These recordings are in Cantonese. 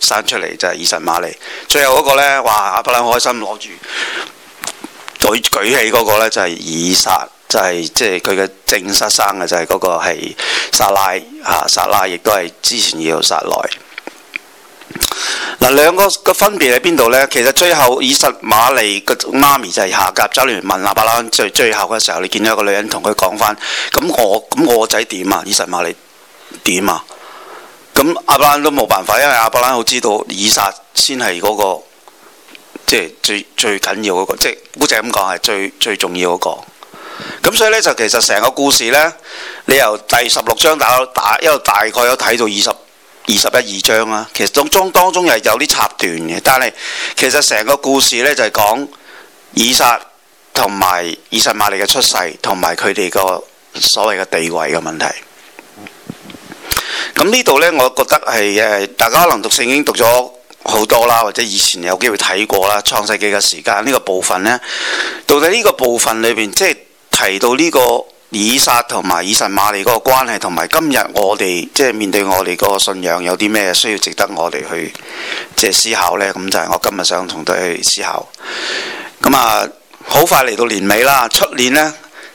生出嚟就係、是、以實瑪利，最後嗰個咧，哇！阿伯拉好開心攞住舉起嗰個咧，就係、是、以撒，就係即係佢嘅正室。生嘅，就係、是、嗰、就是、個係撒拉啊，撒拉亦都係之前叫撒來。嗱、啊，兩個個分別喺邊度呢？其實最後以實瑪利嘅媽咪就係夏甲走嚟問阿伯拉，最最後嘅時候，你見到一個女人同佢講翻，咁我咁我仔點啊？以實瑪利點啊？咁亞伯蘭都冇辦法，因為亞伯蘭好知道以撒先係嗰個，即係最最緊要嗰個，即係姑姐咁講係最最重要嗰個。咁所以呢，就其實成個故事呢，你由第十六章打到打到，一路大概有睇到二十二十一二章啊。其實當中當中又有啲插段嘅，但係其實成個故事呢，就係、是、講以撒同埋以實瑪利嘅出世，同埋佢哋個所謂嘅地位嘅問題。咁呢度呢，我覺得係誒，大家可能讀聖經讀咗好多啦，或者以前有機會睇過啦。創世紀嘅時間呢個部分呢，到底呢個部分裏邊即係提到呢個以撒同埋以實瑪利嗰個關係，同埋今日我哋即係面對我哋個信仰有啲咩需要值得我哋去即係思考呢？咁就係我今日想同大家去思考。咁啊，好快嚟到年尾啦，出年呢。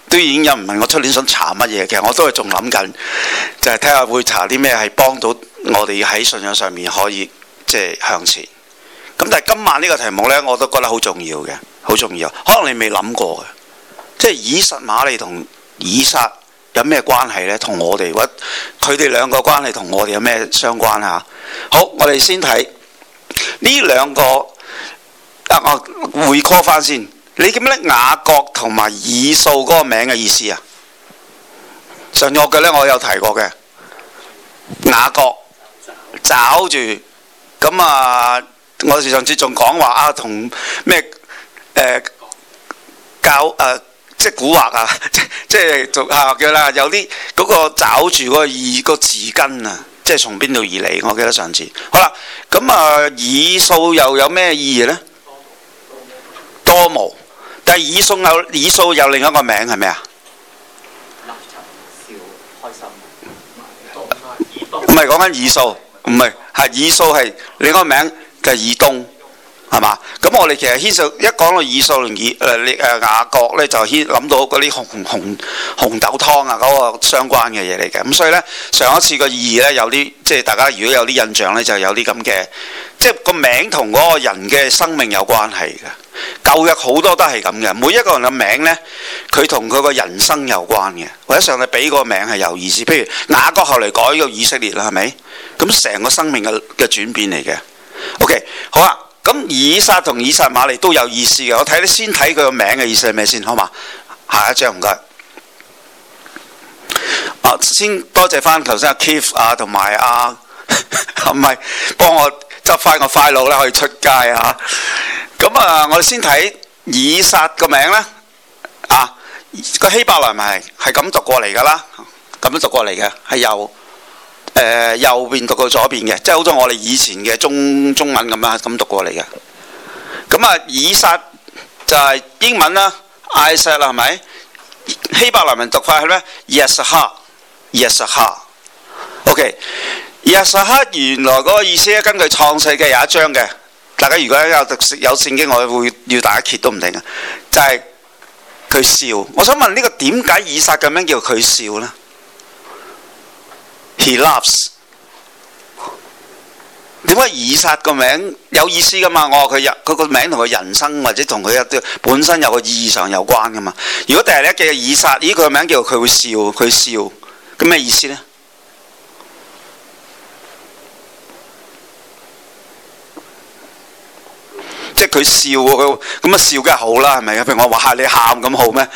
都已經有人問我出年想查乜嘢，其實我都係仲諗緊，就係睇下會查啲咩係幫到我哋喺信仰上面可以即係、就是、向前。咁但係今晚呢個題目呢，我都覺得好重要嘅，好重要。可能你未諗過嘅，即係以實瑪利同以撒有咩關係呢？同我哋或佢哋兩個關係同我哋有咩相關啊？好，我哋先睇呢兩個，等我回 call 翻先。你記唔記得雅各同埋以掃嗰個名嘅意思啊？上次我嘅咧，我有提過嘅雅各抓住。咁、嗯、啊，我哋上次仲講話啊，同咩誒搞誒、呃、即係古惑啊，即係即俗下嘅啦。有啲嗰、那個抓住嗰個意、那個字根啊，即係從邊度而嚟？我記得上次。好啦，咁、嗯、啊，以掃又有咩意義咧？多毛。但係以掃有以掃另一個名係咪啊？唔係講緊以掃，唔係係以掃係另一個名字就係以東。係嘛？咁我哋其實牽上一講到以掃同以、誒、誒雅各咧，就牽諗到嗰啲紅、紅、紅豆湯啊，嗰個相關嘅嘢嚟嘅。咁所以咧上一次個意義咧有啲即係大家如果有啲印象咧，就有啲咁嘅即係個名同嗰個人嘅生命有關係嘅。舊約好多都係咁嘅，每一個人嘅名咧佢同佢嘅人生有關嘅，或者上帝俾個名係有意思。譬如雅各後嚟改叫以色列啦，係咪咁成個生命嘅嘅轉變嚟嘅？O K 好啊。咁以撒同以實瑪利都有意思嘅，我睇你先睇佢個名嘅意思係咩先，好嘛？下一張唔該。啊，先多謝翻頭先阿 Keith 啊，同埋阿，唔 係，幫我執翻個快勞啦，可以出街啊！咁啊，我哋先睇以撒個名啦。啊，個希伯來咪係咁讀過嚟噶啦，咁讀過嚟嘅係有。誒右邊讀過左邊嘅，即係好似我哋以前嘅中中文咁樣咁讀過嚟嘅。咁、嗯、啊，以撒就係英文啦，Isa 啦，係咪希伯來文讀法係咩？Yesha，Yesha。OK，Yesha 原來嗰個意思根據創世記有一章嘅。大家如果有讀有聖經，我會要大家揭都唔定嘅。就係、是、佢笑。我想問呢、這個點解以撒咁樣叫佢笑呢？他 l u s 點解以撒個名有意思噶嘛？我話佢人佢個名同佢人生或者同佢一啲本身有個意義上有關噶嘛？如果第日你記個以撒，咦佢個名叫佢會笑，佢笑咁咩意思呢？即係佢笑，佢咁啊笑梗係好啦，係咪？譬如我話嚇你喊咁好咩？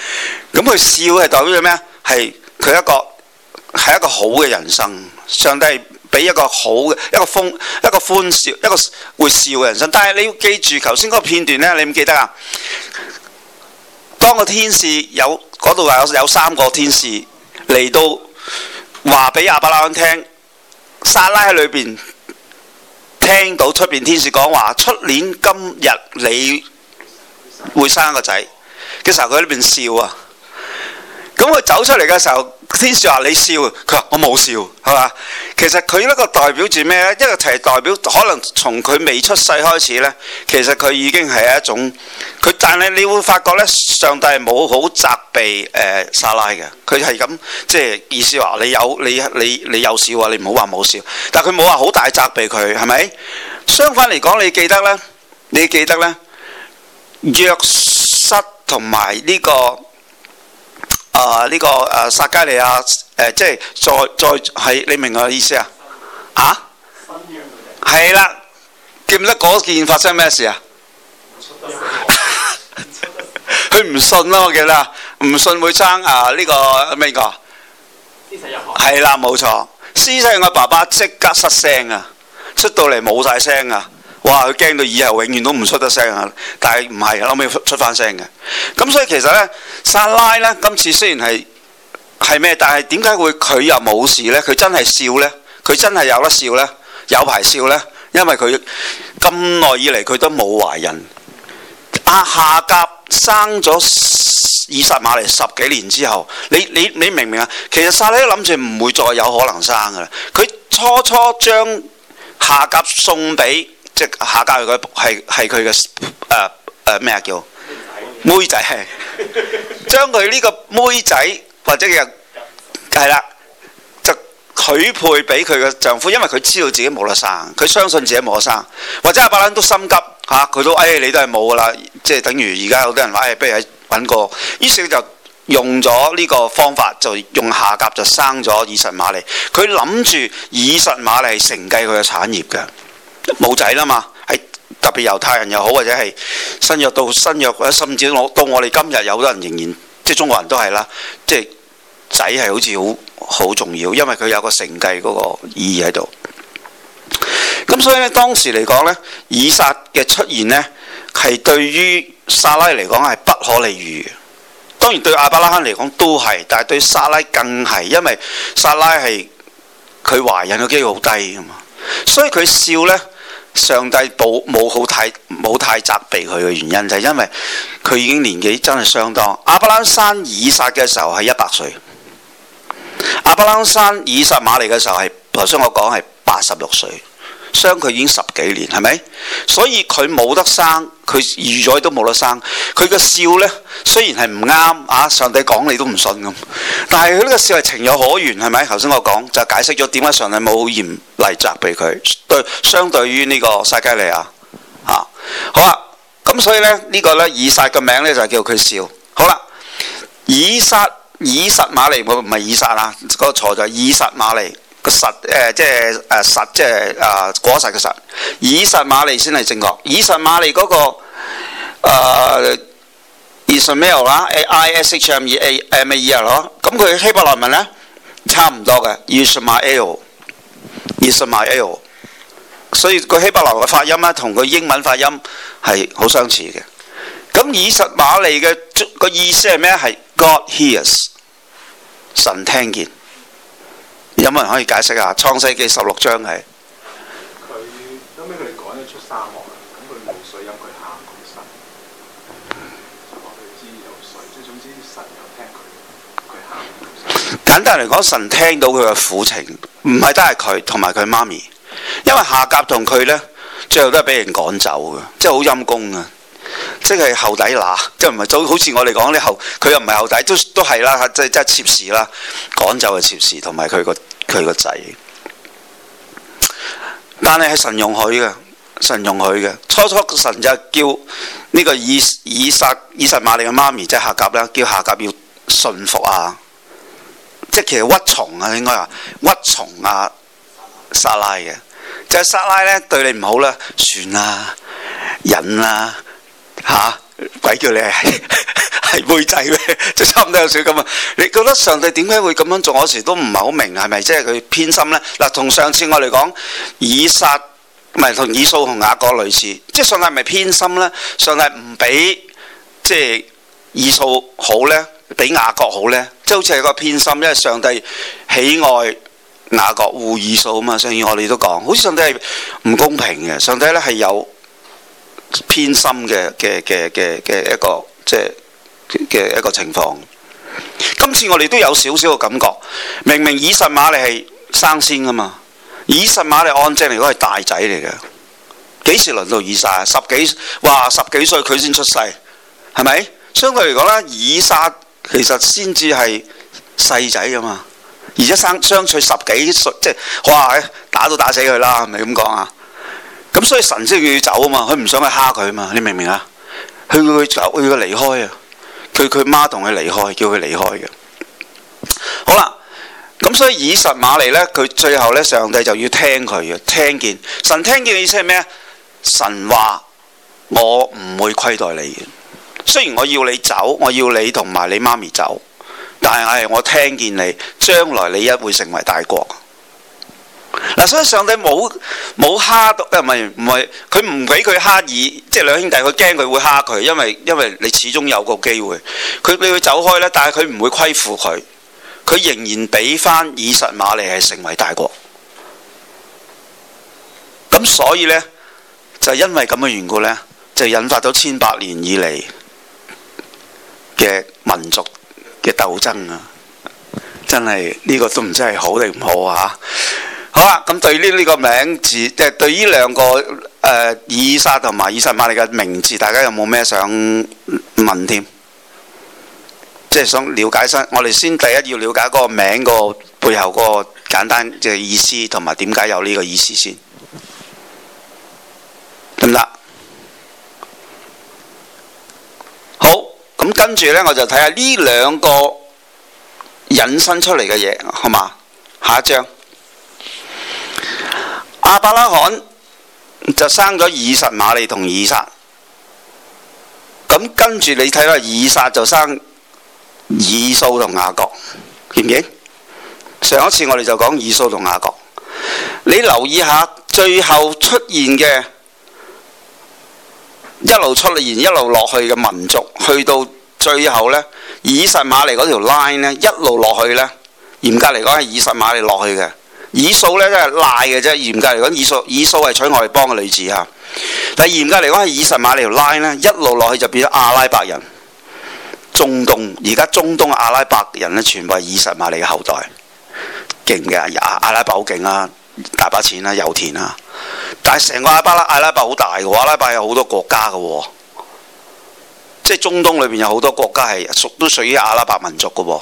咁佢笑係代表咗咩啊？係佢一個。係一個好嘅人生，上帝俾一個好嘅一個歡一個歡笑一個會笑嘅人生。但係你要記住頭先嗰個片段呢，你唔記得啊？當個天使有嗰度話，有三個天使嚟到話俾亞伯拉罕聽，撒拉喺裏邊聽到出邊天使講話，出年今日你會生一個仔。嘅時候佢喺裏邊笑啊。咁佢走出嚟嘅時候。天使話你笑？佢話我冇笑，係嘛？其實佢呢個代表住咩咧？一個係代表可能從佢未出世開始呢，其實佢已經係一種佢。但係你會發覺呢，上帝係冇好責備誒、呃、沙拉嘅，佢係咁即係意思話你有你你你有笑，你唔好話冇笑。但係佢冇話好大責備佢，係咪？相反嚟講，你記得呢？你記得呢？約瑟同埋呢個。啊！呢個誒撒加利亞誒，即係再再係你明我嘅意思啊？啊？係啦。記唔記得嗰件發生咩事啊？佢唔信啦，我記得，唔信會生啊呢個咩個？施洗約翰係啦，冇錯。施洗約翰嘅爸爸即刻失聲啊，出到嚟冇晒聲啊。哇！佢驚到以後永遠都唔出得聲啊！但係唔係後尾出出翻聲嘅咁，所以其實咧，撒拉咧今次雖然係係咩，但係點解會佢又冇事呢？佢真係笑呢？佢真係有得笑呢？有排笑呢？因為佢咁耐以嚟佢都冇懷孕。阿、啊、夏甲生咗以實瑪利十幾年之後，你你你明唔明啊？其實撒拉都諗住唔會再有可能生㗎喇。佢初初將夏甲送俾。即夏甲佢嘅係係佢嘅誒誒咩啊叫妹仔，將佢呢個妹仔或者佢，係啦，就許配俾佢嘅丈夫，因為佢知道自己冇得生，佢相信自己冇得生，或者阿伯蘭都心急吓，佢、啊、都哎，你都係冇噶啦，即係等於而家有啲人話誒、哎，不如去揾個，於是佢就用咗呢個方法，就用夏甲就生咗以實瑪利，佢諗住以實瑪利承繼佢嘅產業嘅。冇仔啦嘛，係特別猶太人又好，或者係新約到新約，甚至到到我哋今日有好多人仍然，即係中國人都係啦，即係仔係好似好好重要，因為佢有個承繼嗰個意義喺度。咁所以咧，當時嚟講咧，以撒嘅出現呢，係對於撒拉嚟講係不可理喻。當然對亞伯拉罕嚟講都係，但係對撒拉更係，因為撒拉係佢懷孕嘅機會好低啊嘛。所以佢笑呢，上帝冇好太冇太責備佢嘅原因就係、是、因為佢已經年紀真係相當，阿伯拉罕山以撒嘅時候係一百歲，阿伯拉罕山以實瑪利嘅時候係頭先我講係八十六歲。傷佢已經十幾年，係咪？所以佢冇得生，佢預咗都冇得生。佢嘅笑呢，雖然係唔啱，啊！上帝講你都唔信咁，但係佢呢個笑係情有可原，係咪？頭先我講就解釋咗點解上帝冇嚴厲責俾佢。對，相對於呢個撒迦利亞，啊，好啦、啊。咁所以呢，呢、呢個呢，以撒嘅名呢，就叫佢笑。好啦、啊，以撒，以實瑪利，唔係以撒啊，嗰個錯就係以實瑪利。個實誒、呃，即係誒實，即係啊、呃、果實嘅實，以實瑪利先係正確。以實瑪利嗰、那個誒以什啦，A I S H M A E A M E R 嗬。咁佢、啊嗯、希伯來文咧差唔多嘅，以什馬 L，以什馬 L。所以個希伯來嘅發音咧，同個英文發音係好相似嘅。咁、嗯、以實瑪利嘅個意思係咩？係 God hears，神聽見。有冇人可以解釋下《創世記》十六章係？佢後屘佢哋趕咗出沙漠啦，咁佢冇水飲，佢喊，神落去知有水，即總之神又聽佢，簡單嚟講，神聽到佢嘅苦情，唔係單係佢同埋佢媽咪，因為夏甲同佢呢，最後都係俾人趕走嘅，即係好陰功啊！即係後底乸，即係唔係都好似我哋講你後，佢又唔係後底，都都係啦，即係即係妾侍啦，趕走嘅妾侍，同埋佢個。佢個仔，但係係神容許嘅，神容許嘅。初初神就叫呢個以以撒以實瑪利嘅媽咪，即係夏甲啦，叫夏甲要順服啊，即係其實屈從啊應該話屈從啊撒拉嘅，就係、是、撒拉咧，對你唔好啦，算啦，忍啦。吓！鬼、啊、叫你係係妹仔咩？即 差唔多有少咁啊！你覺得上帝點解會咁樣做？有時都唔係好明，係咪即係佢偏心呢？嗱，同上次我哋講，以撒唔係同以掃同雅各類似，即係上帝係咪偏心呢？上帝唔俾即係以掃好呢，俾雅各好呢？即係好似係個偏心，因為上帝喜愛雅各護以掃啊嘛。上次我哋都講，好似上帝係唔公平嘅。上帝呢係有。偏心嘅嘅嘅嘅嘅一個即係嘅一個情況。今次我哋都有少少嘅感覺，明明以實瑪利係生先噶嘛，以實瑪利按正嚟講係大仔嚟嘅，幾時輪到以撒？十幾話十幾歲佢先出世，係咪？相對嚟講呢，以撒其實先至係細仔噶嘛，而且生相距十幾歲，即係哇，打都打死佢啦，係咪咁講啊？咁所以神叫佢走啊嘛，佢唔想去蝦佢啊嘛，你明唔明啊？佢佢走，佢要離開啊！佢佢媽同佢離開，叫佢離開嘅。好啦，咁所以以實瑪利呢，佢最後呢，上帝就要聽佢嘅，聽見神聽見嘅意思係咩？神話我唔會虧待你嘅，雖然我要你走，我要你同埋你媽咪走，但係我聽見你，將來你一會成為大國。嗱、啊，所以上帝冇冇蝦，誒唔係唔係，佢唔俾佢蝦爾，即係兩兄弟佢驚佢會蝦佢，因為因為你始終有個機會，佢你會走開咧，但係佢唔會虧負佢，佢仍然俾翻以實瑪利係成為大國。咁所以呢，就因為咁嘅緣故呢，就引發咗千百年以嚟嘅民族嘅鬥爭啊！真係呢、這個都唔知係好定唔好啊！好啦，啊，咁對呢呢個名字，即、就、係、是、對呢兩個誒、呃、以撒同埋以實瑪利，你嘅名字，大家有冇咩想問添？即、就、係、是、想了解新，我哋先第一要了解嗰個名個背後嗰個簡單嘅意思，同埋點解有呢個意思先，得唔得？好，咁跟住呢，我就睇下呢兩個引申出嚟嘅嘢，好嘛？下一章。亞伯拉罕就生咗以實瑪利同以撒，咁跟住你睇下，以撒就生以掃同雅各，明唔明？上一次我哋就講以掃同雅各，你留意下最後出現嘅，一路出現一路落去嘅民族，去到最後呢，以實瑪利嗰條 line 呢，一路落去呢，嚴格嚟講係以實瑪利落去嘅。以掃咧，真係賴嘅啫。嚴格嚟講，以掃以掃係娶外邦嘅女子嚇。但係嚴格嚟講，係以實瑪利拉呢一路落去就變咗阿拉伯人。中東而家中東阿拉伯人呢，全部係以實瑪利嘅後代。勁嘅阿拉伯好勁啊，大把錢啦、啊，油田啊。但係成個阿拉伯阿拉伯好大嘅，阿拉伯有好多國家嘅、哦。即係中東裏邊有好多國家係屬都屬於阿拉伯民族嘅、哦。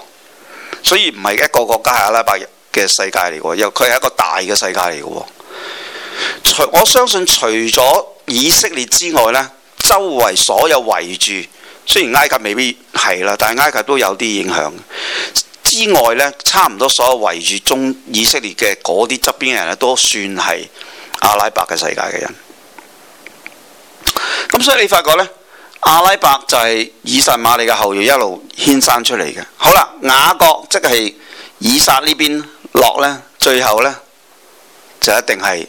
所以唔係一個國家係阿拉伯人。嘅世界嚟嘅，因為佢係一個大嘅世界嚟嘅。除我相信除咗以色列之外呢，周圍所有圍住，雖然埃及未必係啦，但係埃及都有啲影響。之外呢，差唔多所有圍住中以色列嘅嗰啲側邊嘅人呢，都算係阿拉伯嘅世界嘅人。咁所以你發覺呢，阿拉伯就係以實瑪利嘅後裔一路衍生出嚟嘅。好啦，雅各即係以撒呢邊。落呢，最後呢，就一定係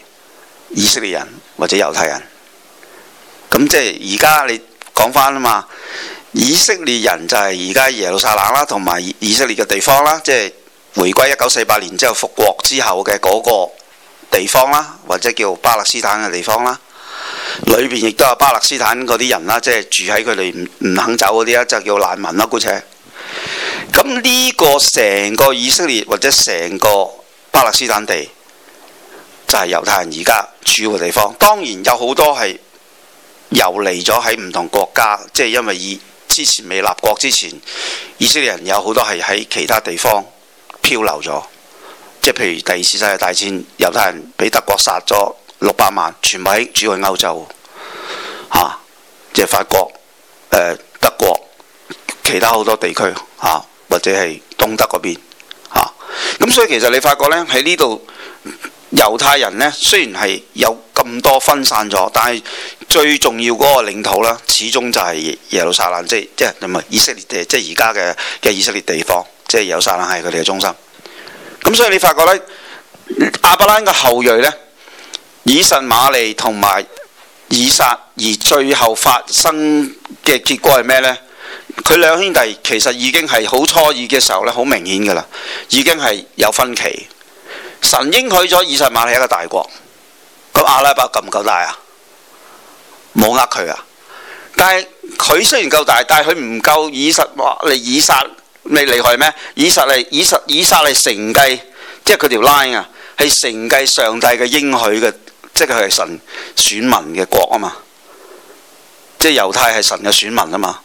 以色列人或者猶太人。咁即係而家你講翻啊嘛，以色列人就係而家耶路撒冷啦，同埋以色列嘅地方啦，即係回歸一九四八年之後復國之後嘅嗰個地方啦，或者叫巴勒斯坦嘅地方啦。裏邊亦都有巴勒斯坦嗰啲人啦，即係住喺佢哋唔唔肯走嗰啲啦，就叫難民啦，姑且。咁呢個成個以色列或者成個巴勒斯坦地，就係、是、猶太人而家住嘅地方。當然有好多係遊離咗喺唔同國家，即係因為以之前未立國之前，以色列人有好多係喺其他地方漂流咗。即係譬如第二次世界大戰，猶太人俾德國殺咗六百萬，全部喺主要喺歐洲，嚇、啊，即係法國、誒、呃、德國、其他好多地區嚇。啊或者係東德嗰邊咁、啊、所以其實你發覺呢，喺呢度猶太人呢，雖然係有咁多分散咗，但係最重要嗰個領土呢，始終就係耶路撒冷，即係即係唔係以色列地，即係而家嘅嘅以色列地方，即係耶路撒冷係佢哋嘅中心。咁所以你發覺呢，亞伯拉罕嘅後裔呢，以實瑪利同埋以撒，而最後發生嘅結果係咩呢？佢兩兄弟其實已經係好初二嘅時候咧，好明顯噶啦，已經係有分歧。神應許咗以實瑪利係一個大國，咁阿拉伯夠唔夠大啊？冇呃佢啊！但係佢雖然夠大，但係佢唔夠以實話嚟以撒咪厲害咩？以實嚟以實以撒嚟承繼，即係佢條 line 啊，係承繼上帝嘅應許嘅，即係佢係神選民嘅國啊嘛！即係猶太係神嘅選民啊嘛！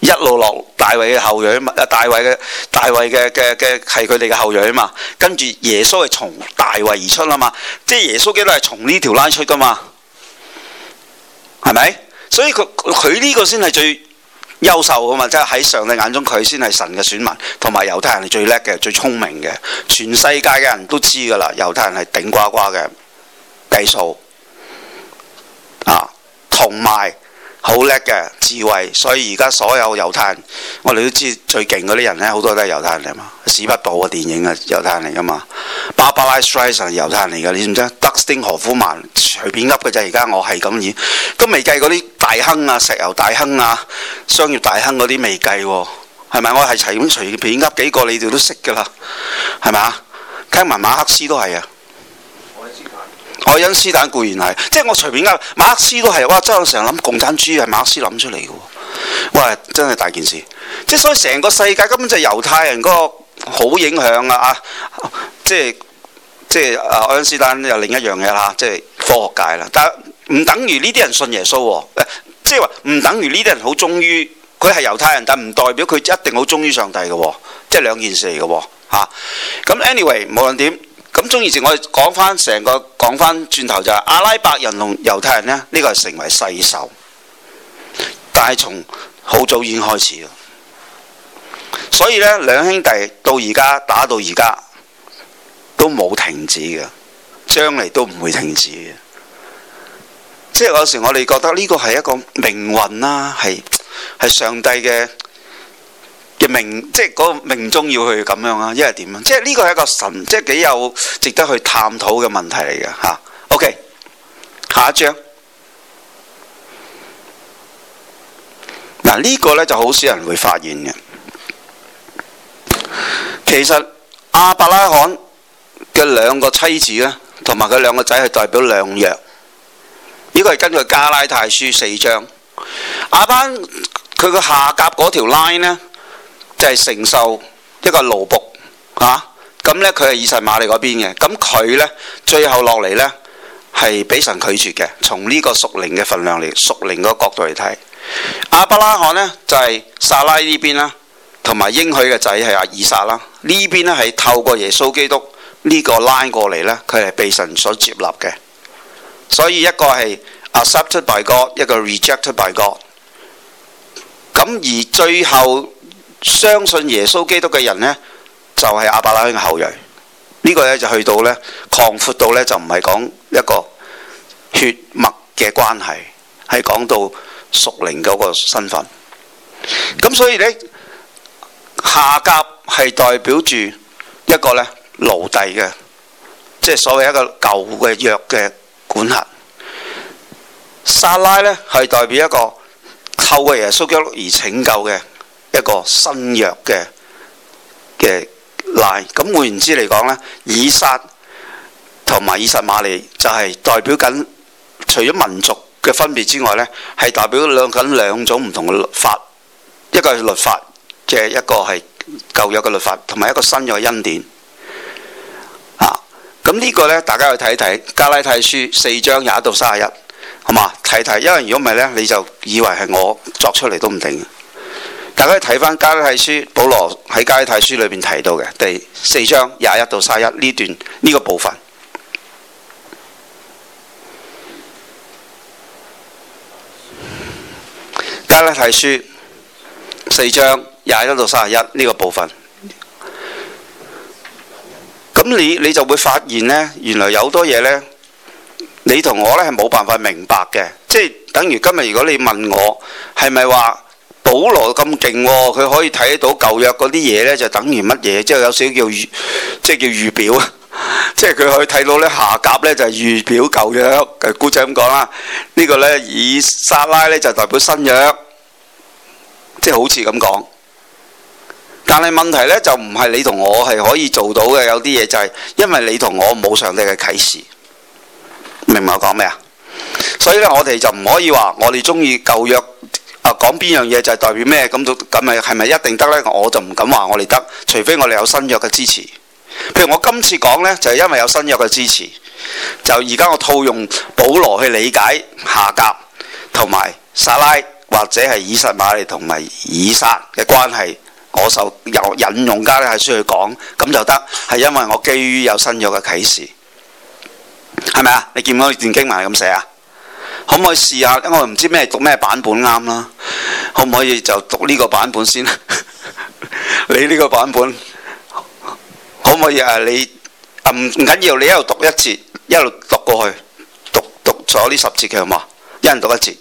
一路落大衛嘅後裔啊！大衛嘅大衛嘅嘅嘅係佢哋嘅後裔嘛？跟住耶穌係從大衛而出啊嘛？即係耶穌基督係從呢條拉出噶嘛？係咪？所以佢佢呢個先係最優秀噶嘛？即係喺上帝眼中佢先係神嘅選民，同埋猶太人係最叻嘅、最聰明嘅，全世界嘅人都知噶啦，猶太人係頂呱呱嘅計數啊，同埋。好叻嘅智慧，所以而家所有猶太人，我哋都知最勁嗰啲人咧，好多都係猶太人嚟嘛。史匹堡嘅電影啊，猶太人嚟噶嘛。芭芭拉史翠珊係猶太人嚟噶，你知唔知？德斯汀何夫曼，隨便噏嘅啫。而家我係咁演，都未計嗰啲大亨啊、石油大亨啊、商業大亨嗰啲未計喎、啊。係咪？我係齊咁隨便噏幾個你，你哋都識㗎啦。係咪啊？聽埋馬克思都係啊。愛因斯坦固然係，即係我隨便啱馬克思都係，哇！真係成日諗共產主義係馬克思諗出嚟嘅，哇！真係大件事，即係所以成個世界根本就係猶太人嗰個好影響啊！啊即係即係啊！愛因斯坦又另一樣嘢啦、啊，即係科學界啦、啊。但唔等於呢啲人信耶穌、啊啊，即係話唔等於呢啲人好忠於佢係猶太人，但唔代表佢一定好忠於上帝嘅、啊，即係兩件事嚟嘅嚇。咁、啊、anyway，無論點。咁中意前我哋講翻成個講翻轉頭就係阿拉伯人同猶太人呢，呢個成為世仇，但係從好早已經開始咯。所以呢兩兄弟到而家打到而家都冇停止嘅，將嚟都唔會停止嘅。即係有時我哋覺得呢個係一個命運啦，係係上帝嘅。嘅命，即係嗰個命中要去咁樣啊！一係點啊？即係呢個係一個神，即係幾有值得去探討嘅問題嚟嘅嚇。OK，下一章嗱，呢個呢就好少人會發現嘅。其實亞伯拉罕嘅兩個妻子呢，同埋佢兩個仔係代表兩約。呢個係根據加拉太書四章。阿班佢個下甲嗰條 line 咧。就係承受一個奴僕啊！咁咧佢係以實瑪利嗰邊嘅，咁、嗯、佢呢，最後落嚟呢，係俾神拒絕嘅。從呢個屬靈嘅份量嚟，屬靈嘅角度嚟睇，亞伯拉罕呢，就係、是、撒拉呢邊啦，同埋應許嘅仔係阿以撒啦。呢邊呢，係透過耶穌基督呢個 line 過嚟呢，佢係被神所接納嘅。所以一個係 accepted by God, 一個 rejected by God。咁、嗯、而最後。相信耶穌基督嘅人呢，就係、是、亞伯拉罕嘅後裔。呢、這個呢，就去到呢擴闊到呢，就唔係講一個血脈嘅關係，係講到屬靈嗰個身份。咁所以呢，夏甲係代表住一個呢奴隸嘅，即係所謂一個舊嘅約嘅管轄。撒拉呢，係代表一個透過耶穌基督而拯救嘅。一個新約嘅嘅奶，咁換言之嚟講呢，以撒同埋以實瑪利就係代表緊除咗民族嘅分別之外呢係代表兩緊兩種唔同嘅律法，一個係律法嘅，一個係舊約嘅律法，同埋一個新約恩典。啊，咁呢個呢，大家去睇睇加拉太書四章廿一到三十一，好嘛？睇睇，因為如果唔係呢，你就以為係我作出嚟都唔定。大家睇翻加拉太書，保羅喺加拉太書裏邊提到嘅，第四章廿一到卅一呢段呢個部分，加拉太書四章廿一到卅一呢個部分，咁你你就會發現呢，原來有好多嘢呢，你同我呢係冇辦法明白嘅，即係等如今日如果你問我係咪話？是保羅咁勁，佢可以睇到舊約嗰啲嘢呢，就等於乜嘢？即係有少少叫，即係叫預表啊！ 即係佢可以睇到呢，夏甲呢，就係、是、預表舊約嘅古仔咁講啦。呢、這個呢以撒拉呢，就代表新約，即、就、係、是、好似咁講。但係問題呢，就唔係你同我係可以做到嘅，有啲嘢就係因為你同我冇上帝嘅啟示，明唔明我講咩啊？所以呢，我哋就唔可以話我哋中意舊約。講邊樣嘢就係代表咩咁，咁係係咪一定得呢？我就唔敢話我哋得，除非我哋有新約嘅支持。譬如我今次講呢，就係、是、因為有新約嘅支持。就而家我套用保羅去理解夏甲同埋撒拉或者係以實瑪利同埋以撒嘅關係，我受有引用家咧係需要講咁就得，係因為我基於有新約嘅啟示，係咪啊？你見唔見到段經文係咁寫啊？可唔可以試下？因為我唔知咩讀咩版本啱啦。可唔可以就讀呢個版本先？ 你呢個版本可唔可以？誒，你啊唔，唔緊要，你一路讀一節，一路讀過去，讀，讀咗呢十節嘅好嘛？一人讀一節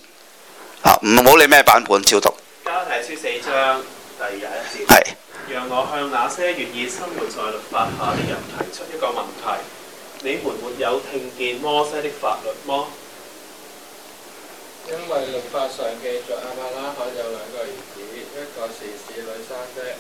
啊！唔好理咩版本，照讀。加提書四章第二十一節，係是讓我向那些願意生活在律法下的人提出一個問題：你們沒有聽見摩西的法律麼？因為律法上記載亞伯拉罕有兩個兒子，一個是侍女生的，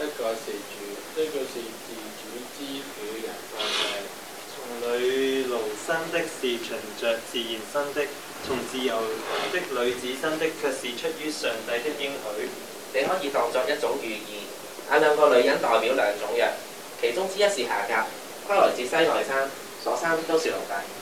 一個是主。一個是自主之婦人生的。從女奴生的是循着自然生的，從自由的女子生的卻是出於上帝的應許。你可以當作一種寓意。那兩個女人代表兩種人，其中之一是夏甲，她來自西奈山，所生都是奴隸。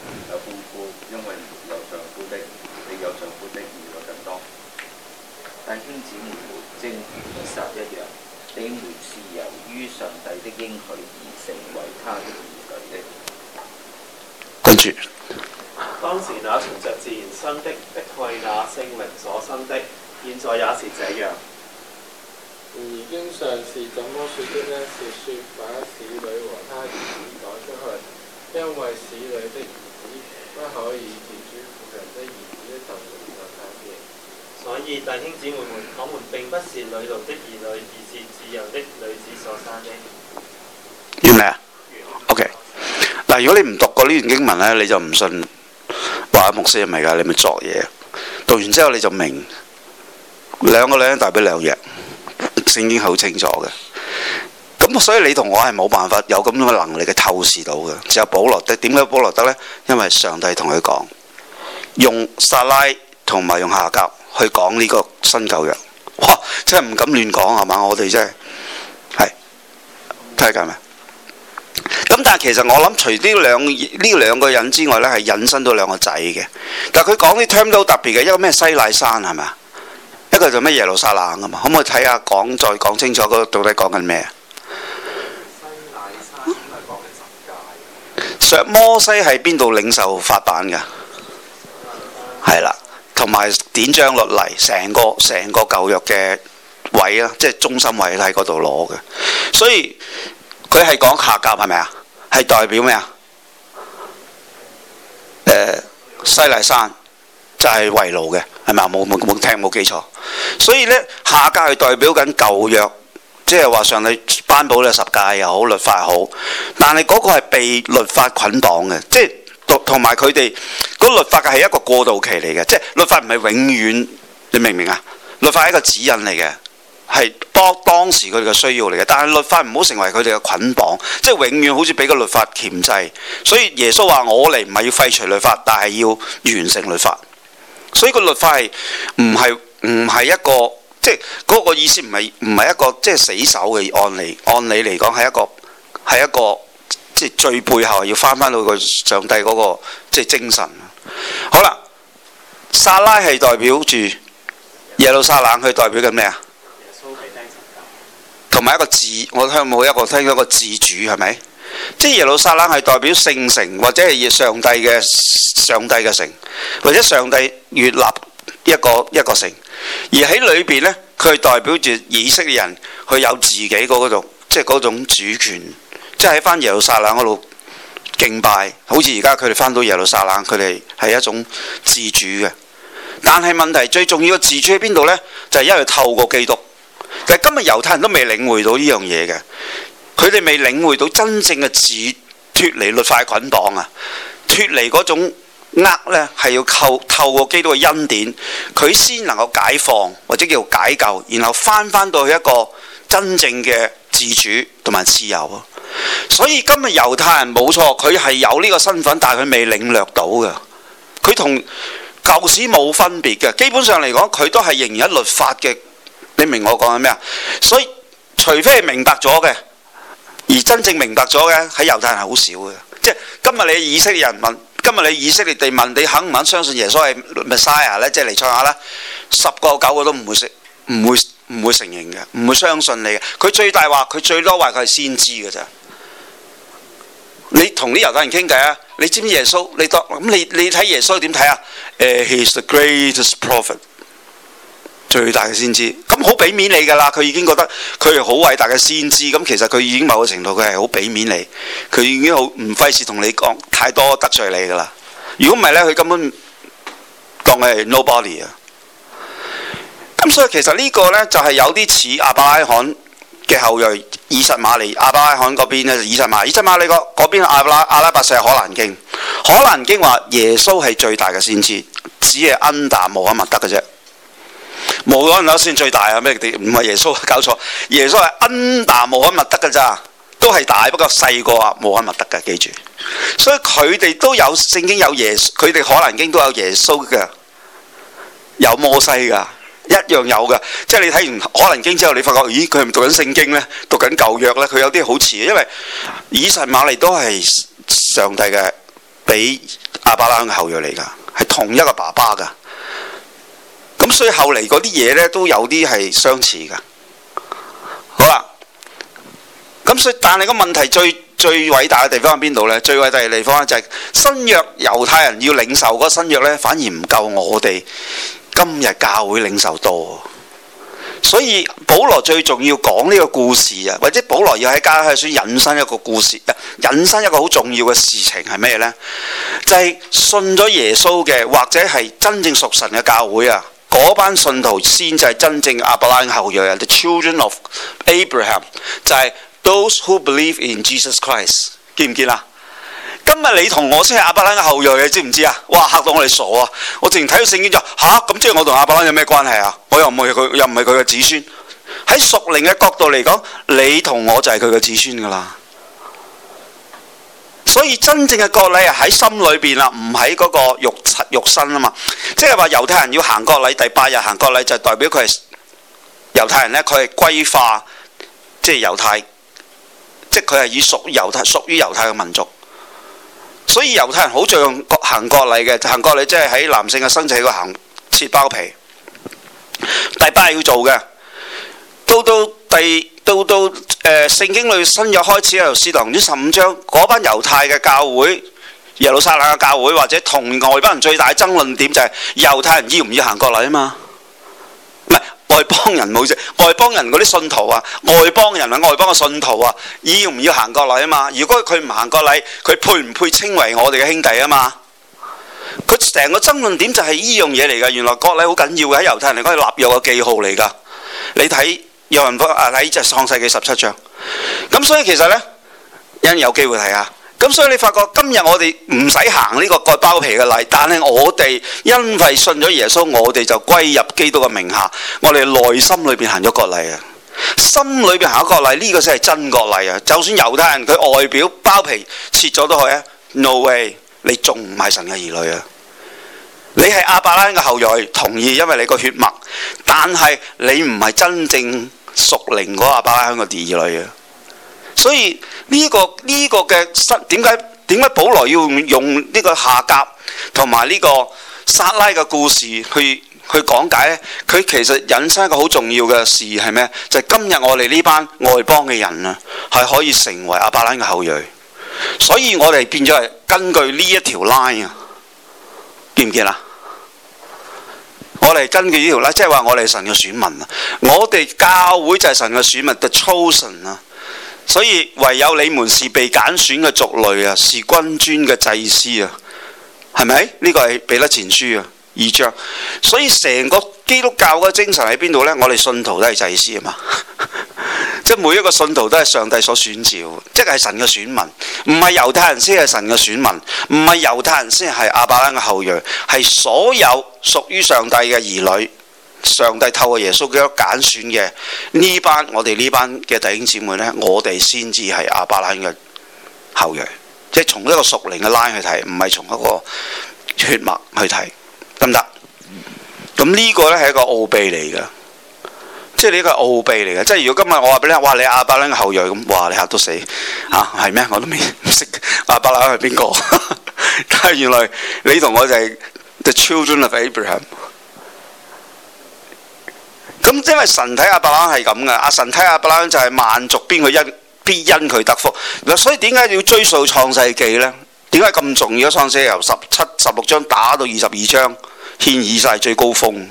有丈夫，因為沒有丈夫的，比有丈夫的兒女更多。但天使們正如以撒一樣，你們是由於上帝的應許而成為他的兒女的。跟住、嗯，嗯、當時那從著自然生的，不愧那聖靈所生的，現在也是這樣。而經上是怎麼說的呢？是說把使女和他兒子趕出去，因為使女的。可以，所以弟兄姊妹們，我們並不是女奴的兒女，而是自由的女子所生的。完未 OK，嗱，如果你唔讀過呢段經文呢，你就唔信話牧師係咪噶？你咪作嘢。讀完之後你就明，兩個女人代表兩日，聖經好清楚嘅。咁所以你同我係冇辦法有咁樣嘅能力嘅透視到嘅，只有保羅德。點解保羅德呢？因為上帝同佢講，用撒拉同埋用夏甲去講呢個新舊約。哇！真係唔敢亂講啊嘛！我哋真係係睇下近啊。咁但係其實我諗，除呢兩呢兩個人之外呢，係引申到兩個仔嘅。但係佢講啲 term 都特別嘅，一個咩西奈山係嘛？一個就咩耶路撒冷啊？可唔可以睇下講再講清楚，嗰到底講緊咩？着摩西係邊度領受法版嘅？係啦，同埋典章落嚟成個成個舊約嘅位啦，即係中心位喺嗰度攞嘅。所以佢係講夏甲係咪啊？係代表咩啊？誒、呃、西奈山就係圍爐嘅，係咪啊？冇冇冇聽冇記錯。所以咧，夏甲係代表緊舊約。即係話上帝頒布嘅十戒又好，律法又好，但係嗰個係被律法捆綁嘅，即係同埋佢哋嗰律法嘅係一個過渡期嚟嘅，即係律法唔係永遠，你明唔明啊？律法係一個指引嚟嘅，係當當時佢哋嘅需要嚟嘅，但係律法唔好成為佢哋嘅捆綁，即係永遠好似俾個律法鉗制。所以耶穌話我嚟唔係要廢除律法，但係要完成律法。所以個律法係唔係唔係一個？即係嗰個意思唔係唔係一個即係死守嘅案例，案例嚟講係一個係一個即係最背後要返返到個上帝嗰個即係精神。好啦，撒拉係代表住耶路撒冷，佢代表緊咩啊？同埋一個字，我聽冇一個聽一個字，主係咪？即係耶路撒冷係代表聖城，或者係上帝嘅上帝嘅城，或者上帝越立一個一個城。而喺裏邊呢，佢係代表住以色列嘅人，佢有自己嗰嗰種，即係嗰種主權，即係喺翻耶路撒冷嗰度敬拜，好似而家佢哋翻到耶路撒冷，佢哋係一種自主嘅。但係問題最重要嘅自主喺邊度呢？就係因為透過基督，但係今日猶太人都未領會到呢樣嘢嘅，佢哋未領會到真正嘅自脫離律法捆綁啊，脫離嗰種。呃，呢係要靠透過基督嘅恩典，佢先能夠解放或者叫解救，然後返返到去一個真正嘅自主同埋自由。所以今日猶太人冇錯，佢係有呢個身份，但係佢未領略到嘅。佢同舊時冇分別嘅，基本上嚟講，佢都係仍然一律法嘅。你明我講緊咩啊？所以除非係明白咗嘅，而真正明白咗嘅喺猶太人係好少嘅，即係今日你嘅以色列人民。今日你以色列地問你肯唔肯相信耶穌係 Messiah 咧，即係彌賽亞啦？十個九個都唔會成唔會唔會承認嘅，唔會相信你嘅。佢最大話，佢最多話佢係先知嘅咋。你同啲猶太人傾偈啊，你知唔知耶穌？你當咁你你睇耶穌點睇啊？Uh, he is the greatest prophet 最大嘅先知，咁好俾面你噶啦，佢已經覺得佢係好偉大嘅先知，咁其實佢已經某個程度佢係好俾面你，佢已經好唔費事同你講太多得罪你噶啦。如果唔係呢，佢根本當佢係 nobody 啊。咁所以其實呢個呢，就係、是、有啲似阿伯拉罕嘅後裔以實瑪利，阿伯拉罕嗰邊咧，以實瑪以實瑪利個嗰邊阿拉阿拉伯係可蘭經，可蘭經話耶穌係最大嘅先知，只係恩達穆罕默德嘅啫。冇可能個算最大啊？咩地唔係耶穌？搞錯，耶穌係恩達，穆罕默德嘅咋，都係大不過細過啊！穆罕默德嘅，記住，所以佢哋都有聖經有耶穌，佢哋可能經都有耶穌嘅，有摩西噶，一樣有噶。即係你睇完可能經之後，你發覺咦，佢係唔讀緊聖經咧？讀緊舊約咧？佢有啲好似，因為以實瑪利都係上帝嘅，俾亞伯拉罕嘅後裔嚟噶，係同一個爸爸噶。所以後嚟嗰啲嘢呢，都有啲係相似噶。好啦，咁所以但係個問題最最偉大嘅地方喺邊度呢？最偉大嘅地方咧就係、是、新約猶太人要領受嗰個新約呢，反而唔夠我哋今日教會領受多。所以保羅最重要講呢個故事啊，或者保羅要喺教係算引申一個故事，呃、引申一個好重要嘅事情係咩呢？就係、是、信咗耶穌嘅，或者係真正屬神嘅教會啊。嗰班信徒先至係真正阿伯拉罕後裔啊！The children of Abraham 就係 those who believe in Jesus Christ，見唔見啊？今日你同我先係阿伯拉罕後裔，你知唔知啊？哇！嚇到我哋傻我直啊！我直情睇到聖經就吓，咁即係我同阿伯拉罕有咩關係啊？我又唔係佢，又唔係佢嘅子孫。喺屬靈嘅角度嚟講，你同我就係佢嘅子孫噶啦。所以真正嘅割禮啊喺心裏邊啦，唔喺嗰個肉肉身啊嘛，即係話猶太人要行割禮，第八日行割禮就代表佢係猶太人咧，佢係歸化即係、就是、猶太，即係佢係以屬猶太、屬於猶太嘅民族。所以猶太人好著重行割禮嘅，行割禮即係喺男性嘅身體度行切包皮，第八日要做嘅，到到第。到到誒、呃、聖經裏新約開始由四堂呢十五章，嗰班猶太嘅教會、耶路撒冷嘅教會或者同外邦人最大爭論點就係、是、猶太人要唔要行國禮啊嘛？外邦人冇啫，外邦人嗰啲信徒啊，外邦人啊，外邦嘅信徒啊，要唔要行國禮啊嘛？如果佢唔行國禮，佢配唔配稱為我哋嘅兄弟啊嘛？佢成個爭論點就係呢樣嘢嚟㗎，原來國禮好緊要嘅，喺猶太人嚟講係立約嘅記號嚟㗎，你睇。有人講啊，睇就創世紀十七章。咁所以其實咧，因有機會睇啊。咁所以你發覺今日我哋唔使行呢個割包皮嘅禮，但係我哋因為信咗耶穌，我哋就歸入基督嘅名下。我哋內心裏邊行咗個禮啊，心裏邊行一個禮，呢個先係真國禮啊。就算猶太人佢外表包皮切咗都好啊，no way，你仲唔係神嘅兒女啊，你係亞伯拉罕嘅後裔，同意，因為你個血脈，但係你唔係真正。屬靈嗰個亞伯拉罕嘅第二類啊，所以呢、這個呢、這個嘅失點解點解保羅要用呢個夏甲同埋呢個撒拉嘅故事去去講解？佢其實引申一個好重要嘅事係咩？就係、是、今日我哋呢班外邦嘅人啊，係可以成為亞伯拉罕嘅後裔，所以我哋變咗係根據呢一條 line，記唔記啦？見我哋根據呢條啦，即係話我哋神嘅選民啊！我哋教會就係神嘅選民，the chosen 啊！所以唯有你們是被揀選嘅族類啊，是君尊嘅祭司啊，係咪？呢、呢個係彼得前書啊，二章。所以成個基督教嘅精神喺邊度呢？我哋信徒都係祭司啊嘛。是 即係每一個信徒都係上帝所選召，即係神嘅選民，唔係猶太人先係神嘅選民，唔係猶太人先係亞伯拉罕嘅後裔，係所有屬於上帝嘅兒女，上帝透過耶穌基督揀選嘅呢班我哋呢班嘅弟兄姊妹呢，我哋先至係亞伯拉罕嘅後裔，即係從一個屬靈嘅 line 去睇，唔係從一個血脈去睇，得唔得？咁呢個呢，係一個奧秘嚟嘅。即係你呢個奧秘嚟嘅，即係如果今日我話俾你，哇你阿伯蘭後裔咁，哇你吓到死吓，係、啊、咩？我都未識阿伯蘭係邊個， 但係原來你同我哋就係 The Children of Abraham。咁 因為神睇阿伯蘭係咁嘅，阿神睇阿伯蘭就係萬族邊個因必因佢得福。所以點解要追溯創世紀呢？點解咁重要？創世記由十七、十六章打到二十二章，掀起晒最高峰。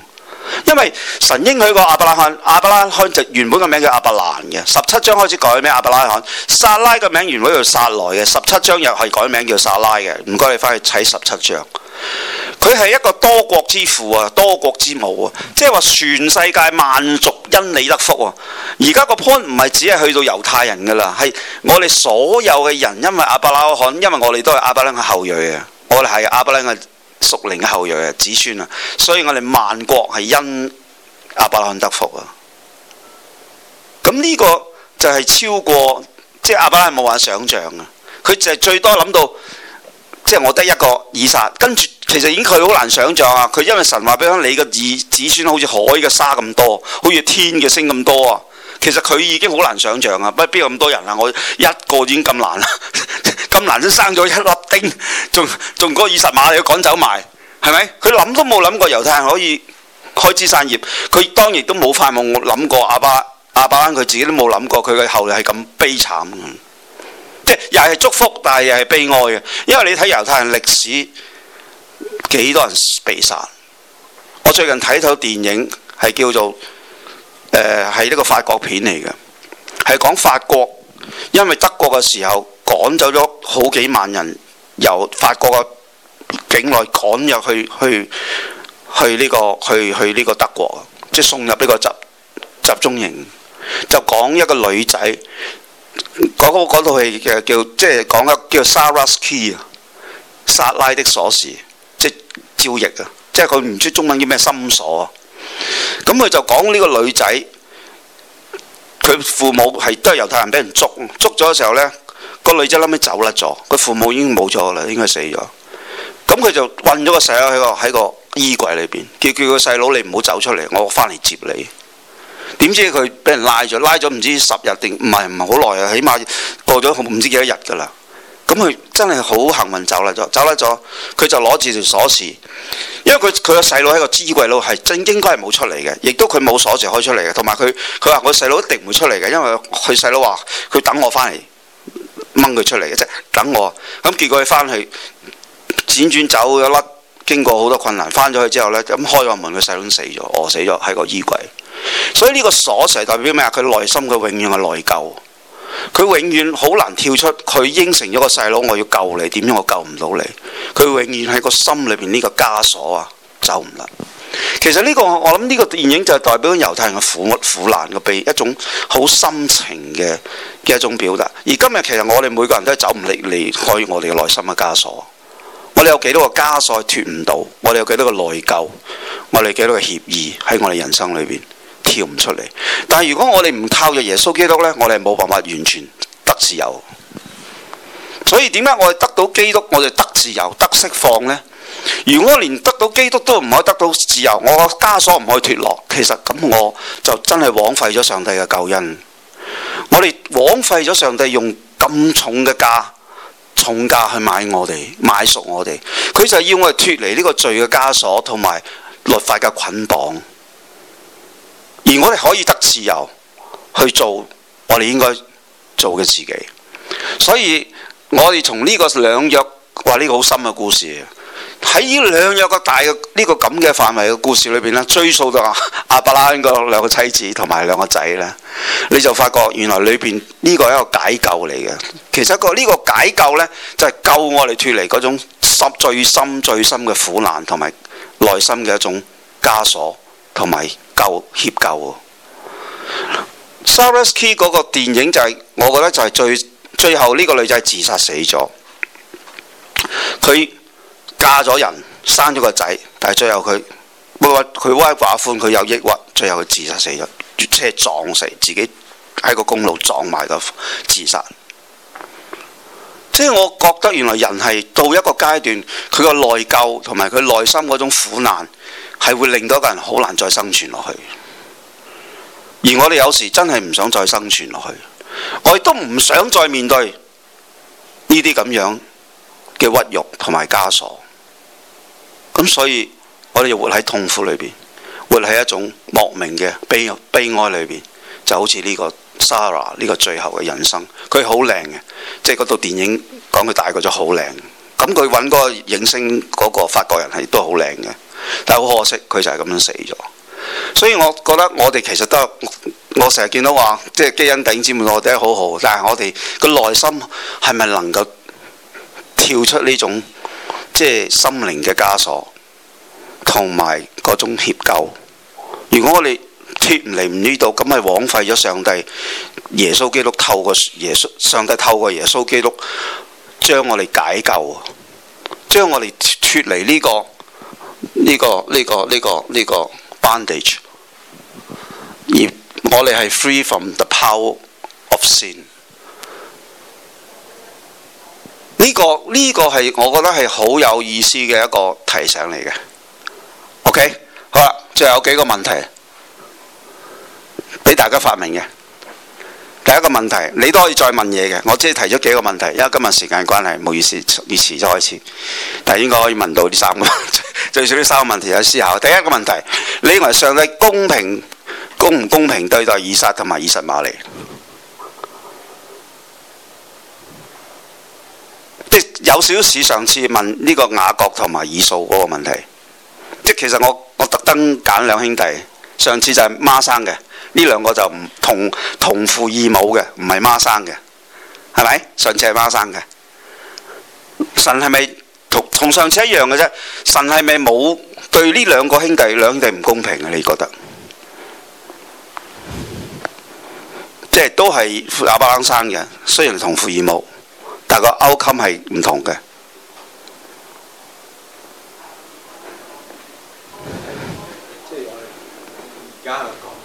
因為神應佢個亞伯拉罕，亞伯拉罕就原本個名叫亞伯蘭嘅，十七章開始改名亞伯拉罕，撒拉個名原本叫撒萊嘅，十七章又係改名叫撒拉嘅。唔該你翻去睇十七章，佢係一個多國之父啊，多國之母啊，即係話全世界萬族因你得福啊。而家個 point 唔係只係去到猶太人噶啦，係我哋所有嘅人，因為亞伯拉罕，因為我哋都係亞伯拉罕後裔啊，我哋係亞伯拉罕屬靈嘅後裔子孫啊，所以我哋萬國係因亞伯拉罕得福啊。咁呢個就係超過，即係亞伯拉罕冇話想象啊。佢就最多諗到，即係我得一個以撒，跟住其實已經佢好難想象啊。佢因為神話俾我你嘅子子孫好似海嘅沙咁多，好似天嘅星咁多啊。其實佢已經好難想象啊，不邊有咁多人啊，我一個已經咁難啦、啊。 咁難先生咗一粒丁，仲仲嗰以實瑪利要趕走埋，係咪？佢諗都冇諗過猶太人可以開枝散葉，佢當然都冇發夢諗過阿巴，阿巴佢自己都冇諗過佢嘅後嚟係咁悲慘，即係又係祝福，但係又係悲哀嘅。因為你睇猶太人歷史幾多人被殺，我最近睇套電影係叫做誒係、呃、一個法國片嚟嘅，係講法國，因為德國嘅時候。趕走咗好幾萬人，由法國嘅境內趕入去去去呢、呢個去去呢個德國，即係送入呢個集集中營。就講一個女仔，講嗰嗰套戲叫即係講一個叫《Sarah's Key》啊，《薩拉的鎖匙》即招，即係照譯啊，即係佢唔知中文叫咩心鎖啊。咁、嗯、佢就講呢個女仔，佢父母係都係猶太人，俾人捉捉咗嘅時候呢。個女仔後尾走甩咗，佢父母已經冇咗啦，應該死咗。咁佢就韞咗個細佬喺個喺個衣櫃裏邊，叫叫個細佬，你唔好走出嚟，我翻嚟接你。點知佢俾人拉咗，拉咗唔知十日定唔係唔係好耐啊？起碼過咗唔知幾多日噶啦。咁佢真係好幸運走甩咗，走甩咗。佢就攞住條鎖匙，因為佢佢個細佬喺個衣櫃度係真應該係冇出嚟嘅，亦都佢冇鎖匙開出嚟嘅。同埋佢佢話個細佬一定唔會出嚟嘅，因為佢細佬話佢，等我翻嚟。掹佢出嚟嘅啫，就是、等我。咁結果佢翻去，輾轉走咗甩，經過好多困難。翻咗去之後呢，咁開個門，個細佬死咗，餓、呃、死咗喺個衣櫃。所以呢個鎖匙代表咩啊？佢內心佢永遠係內疚，佢永遠好難跳出。佢應承咗個細佬，我要救你，點樣我救唔到你？佢永遠喺個心裏邊呢個枷鎖啊，走唔甩。其實呢個，我諗呢個電影就係代表猶太人嘅苦苦難嘅悲一種好深情嘅嘅一種表達。而今日其實我哋每個人都係走唔離離開我哋嘅內心嘅枷鎖。我哋有幾多個枷鎖脫唔到？我哋有幾多個內疚？我哋有幾多個協議喺我哋人生裏邊跳唔出嚟？但係如果我哋唔靠着耶穌基督呢，我哋冇辦法完全得自由。所以點解我哋得到基督，我哋得自由得釋放呢？如果連得到基督都唔可以得到自由，我個枷鎖唔可以脱落，其實咁我就真係枉費咗上帝嘅救恩。我哋枉費咗上帝用咁重嘅價、重價去買我哋、買贖我哋。佢就要我哋脱離呢個罪嘅枷鎖同埋律法嘅捆綁。而我哋可以得自由去做我哋應該做嘅自己。所以我哋從呢個兩約話呢個好深嘅故事。喺呢兩有個大嘅呢個咁嘅範圍嘅故事裏邊咧，追溯到亞伯拉罕嘅兩個妻子同埋兩個仔咧，你就發覺原來裏邊呢個係一個解救嚟嘅，其實個呢個解救呢，就係救我哋脫離嗰種最深最深嘅苦難同埋內心嘅一種枷鎖同埋救解救。Saroski 嗰個電影就係我覺得就係最最後呢個女仔自殺死咗，佢。嫁咗人，生咗個仔，但係最後佢，會話，佢歪寡歡，佢有抑鬱，最後佢自殺死咗，車撞死，自己喺個公路撞埋個自殺。即係我覺得原來人係到一個階段，佢個內疚同埋佢內心嗰種苦難，係會令到一個人好難再生存落去。而我哋有時真係唔想再生存落去，我亦都唔想再面對呢啲咁樣嘅屈辱同埋枷鎖。咁所以我哋就活喺痛苦裏邊，活喺一種莫名嘅悲悲哀裏邊，就好似呢個 Sarah 呢個最後嘅人生，佢好靚嘅，即係嗰套電影講佢大個咗好靚，咁佢揾嗰個影星嗰個法國人係都好靚嘅，但係好可惜佢就係咁樣死咗。所以我覺得我哋其實都，我成日見到話即係基恩頂尖，我哋好好，但係我哋個內心係咪能夠跳出呢種？即係心靈嘅枷鎖，同埋嗰種脅教。如果我哋脫唔離唔呢度，咁係枉費咗上帝、耶穌基督透過耶穌、上帝透過耶穌基督將我哋解救，將我哋脫脫離呢個呢個呢個呢個呢個呢個 bondage。而我哋係 free from the power of sin。呢、這個呢、這個係我覺得係好有意思嘅一個提醒嚟嘅。OK，好啦，最後有幾個問題俾大家發明嘅。第一個問題，你都可以再問嘢嘅。我即係提咗幾個問題，因為今日時間關係，唔好意思，以遲咗開始，但係應該可以問到呢三個最少呢三個問題有思考。第一個問題，你認為上帝公平公唔公平對待以撒同埋以實瑪利？即有少少似上次問呢個雅各同埋以掃嗰個問題，即其實我我特登揀兩兄弟，上次就係孖生嘅，呢兩個就唔同同父異母嘅，唔係孖生嘅，係咪？上次係孖生嘅，神係咪同同上次一樣嘅啫？神係咪冇對呢兩個兄弟兩兄弟唔公平啊？你覺得？即係都係亞伯拉罕生嘅，雖然同父異母。但個歐襟係唔同嘅，即係而即係如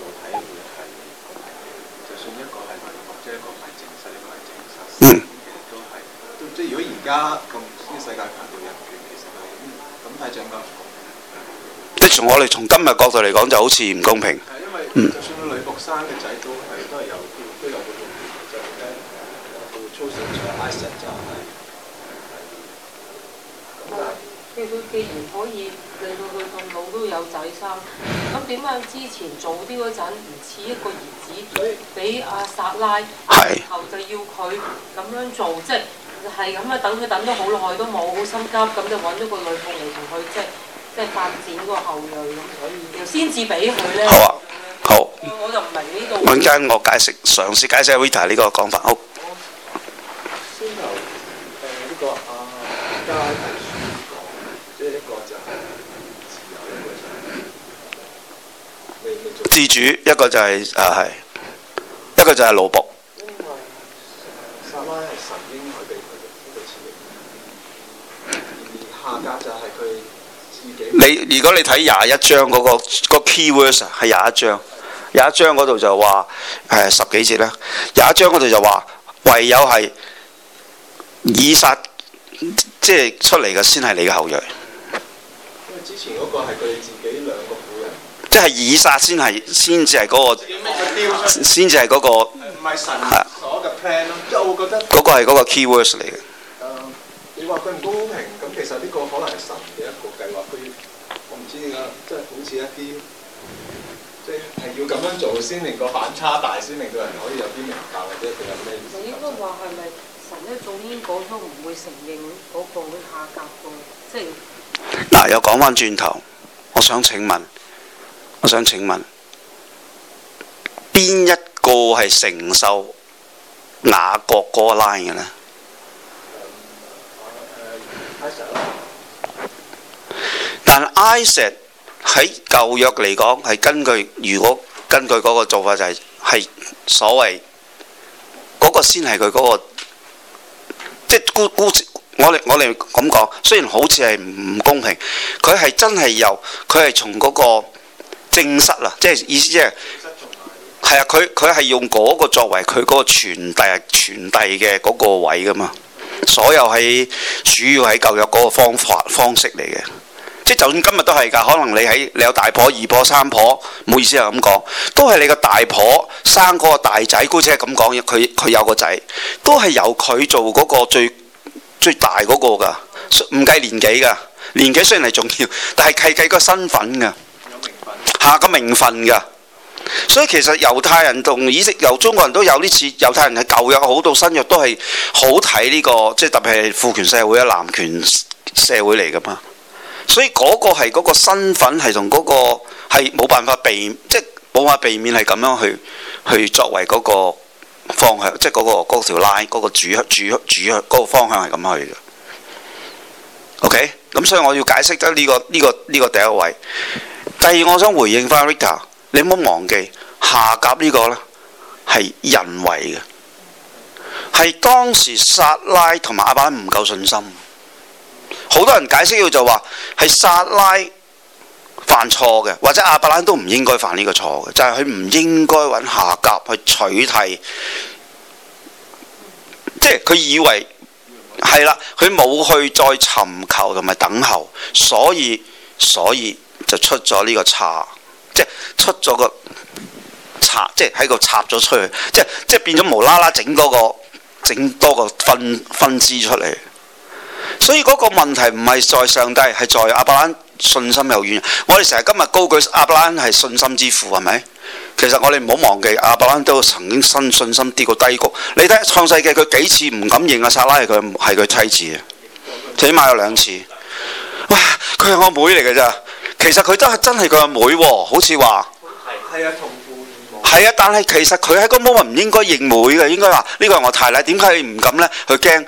果而家咁呢個世界強調人權，其實咁太正當。即係從我哋從今日角度嚟講，就好似唔公平。嗯。即係佢既然可以令到佢咁老都有仔生，咁點解之前早啲嗰陣唔賜一個兒子俾阿撒拉係，然後，就要佢咁樣做，即係係咁啊？等佢等咗好耐都冇，好心急，咁就揾咗個女僕嚟同佢即即發展個後裔咁，所以先至俾佢咧。好啊，好。我我就唔明呢度。陣間我解釋，嘗試解釋 Vita 呢個講法好？好先頭呢、呃這個阿、呃這個這個呃這個自主一個就係啊係，一個就係蘿卜。啊、你如果你睇廿一章嗰、那個那個那個 keywords 係廿一章，廿一章嗰度就話係、欸、十幾節啦。廿一章嗰度就話唯有係以撒即係出嚟嘅先係你嘅後裔。因為之前嗰個係佢。即係以撒先係，先至係嗰個，先至係嗰個，係、嗯、啊，嗰個係嗰個 key words 嚟嘅、呃。你話佢唔公平，咁其實呢個可能係神嘅一個計劃。佢我唔知點解，即係好似一啲，即係要咁樣做先令個反差大，先令到人可以有啲明白或者佢有咩意思。其實應該話係咪神呢早已經都唔會承認嗰個下格嘅，即係嗱，又講翻轉頭，我想請問。我想請問邊一個係承受哪雅各嗰個 line 嘅呢？但 Isaac 喺舊約嚟講係根據，如果根據嗰個做法就係、係、係所謂嗰、嗰個先係佢嗰個，即係估估我哋我哋咁講，雖然好似係唔公平，佢係真係由佢係從嗰、嗰個。正室啦、啊，即係意思即係係啊，佢佢係用嗰個作為佢嗰個傳遞傳遞嘅嗰個位噶嘛。所有喺主要喺舊約嗰個方法方式嚟嘅，即係就算今日都係㗎。可能你喺你有大婆、二婆、三婆，唔好意思啊咁講，都係你個大婆生嗰個大仔，姑且咁講，佢佢有個仔，都係由佢做嗰個最最大嗰個㗎，唔計年紀㗎。年紀雖然係重要，但係計計個身份㗎。下個名分噶，所以其實猶太人同以色，由中國人都有啲似。猶太人係舊約好到新約都係好睇呢個，即係特別係父權社會啊，男權社會嚟噶嘛。所以嗰個係嗰個身份係同嗰個係冇辦法避免，即係冇法避免係咁樣去去作為嗰個方向，即係嗰個嗰條 line，嗰個主主主嗰個方向係咁去嘅。OK，咁所以我要解釋得呢個呢個呢個第一位。第二，我想回應翻 Rita，你唔好忘記夏甲呢個呢，係人為嘅，係當時撒拉同埋亞伯蘭唔夠信心。好多人解釋佢就話係撒拉犯錯嘅，或者亞伯蘭都唔應該犯呢個錯嘅，就係佢唔應該揾夏甲去取替，即係佢以為係啦，佢冇去再尋求同埋等候，所以所以。就出咗呢個插，即係出咗個插，即係喺度插咗出去，即係即係變咗無啦啦，整多個整多個分分支出嚟。所以嗰個問題唔係在上帝，係在亞伯蘭信心有軟。我哋成日今日高舉亞伯蘭係信心之父，係咪？其實我哋唔好忘記亞伯蘭都曾經生信心跌過低谷。你睇創世記佢幾次唔敢認阿撒拉係佢係佢妻子啊？起碼有兩次。哇！佢係我妹嚟㗎咋？其實佢都係真係佢阿妹喎，哦，好似話係係啊，同父異母係啊，但係其實佢喺嗰 moment 唔應該認妹嘅，應該話呢個係我太太。點解佢唔敢呢？佢驚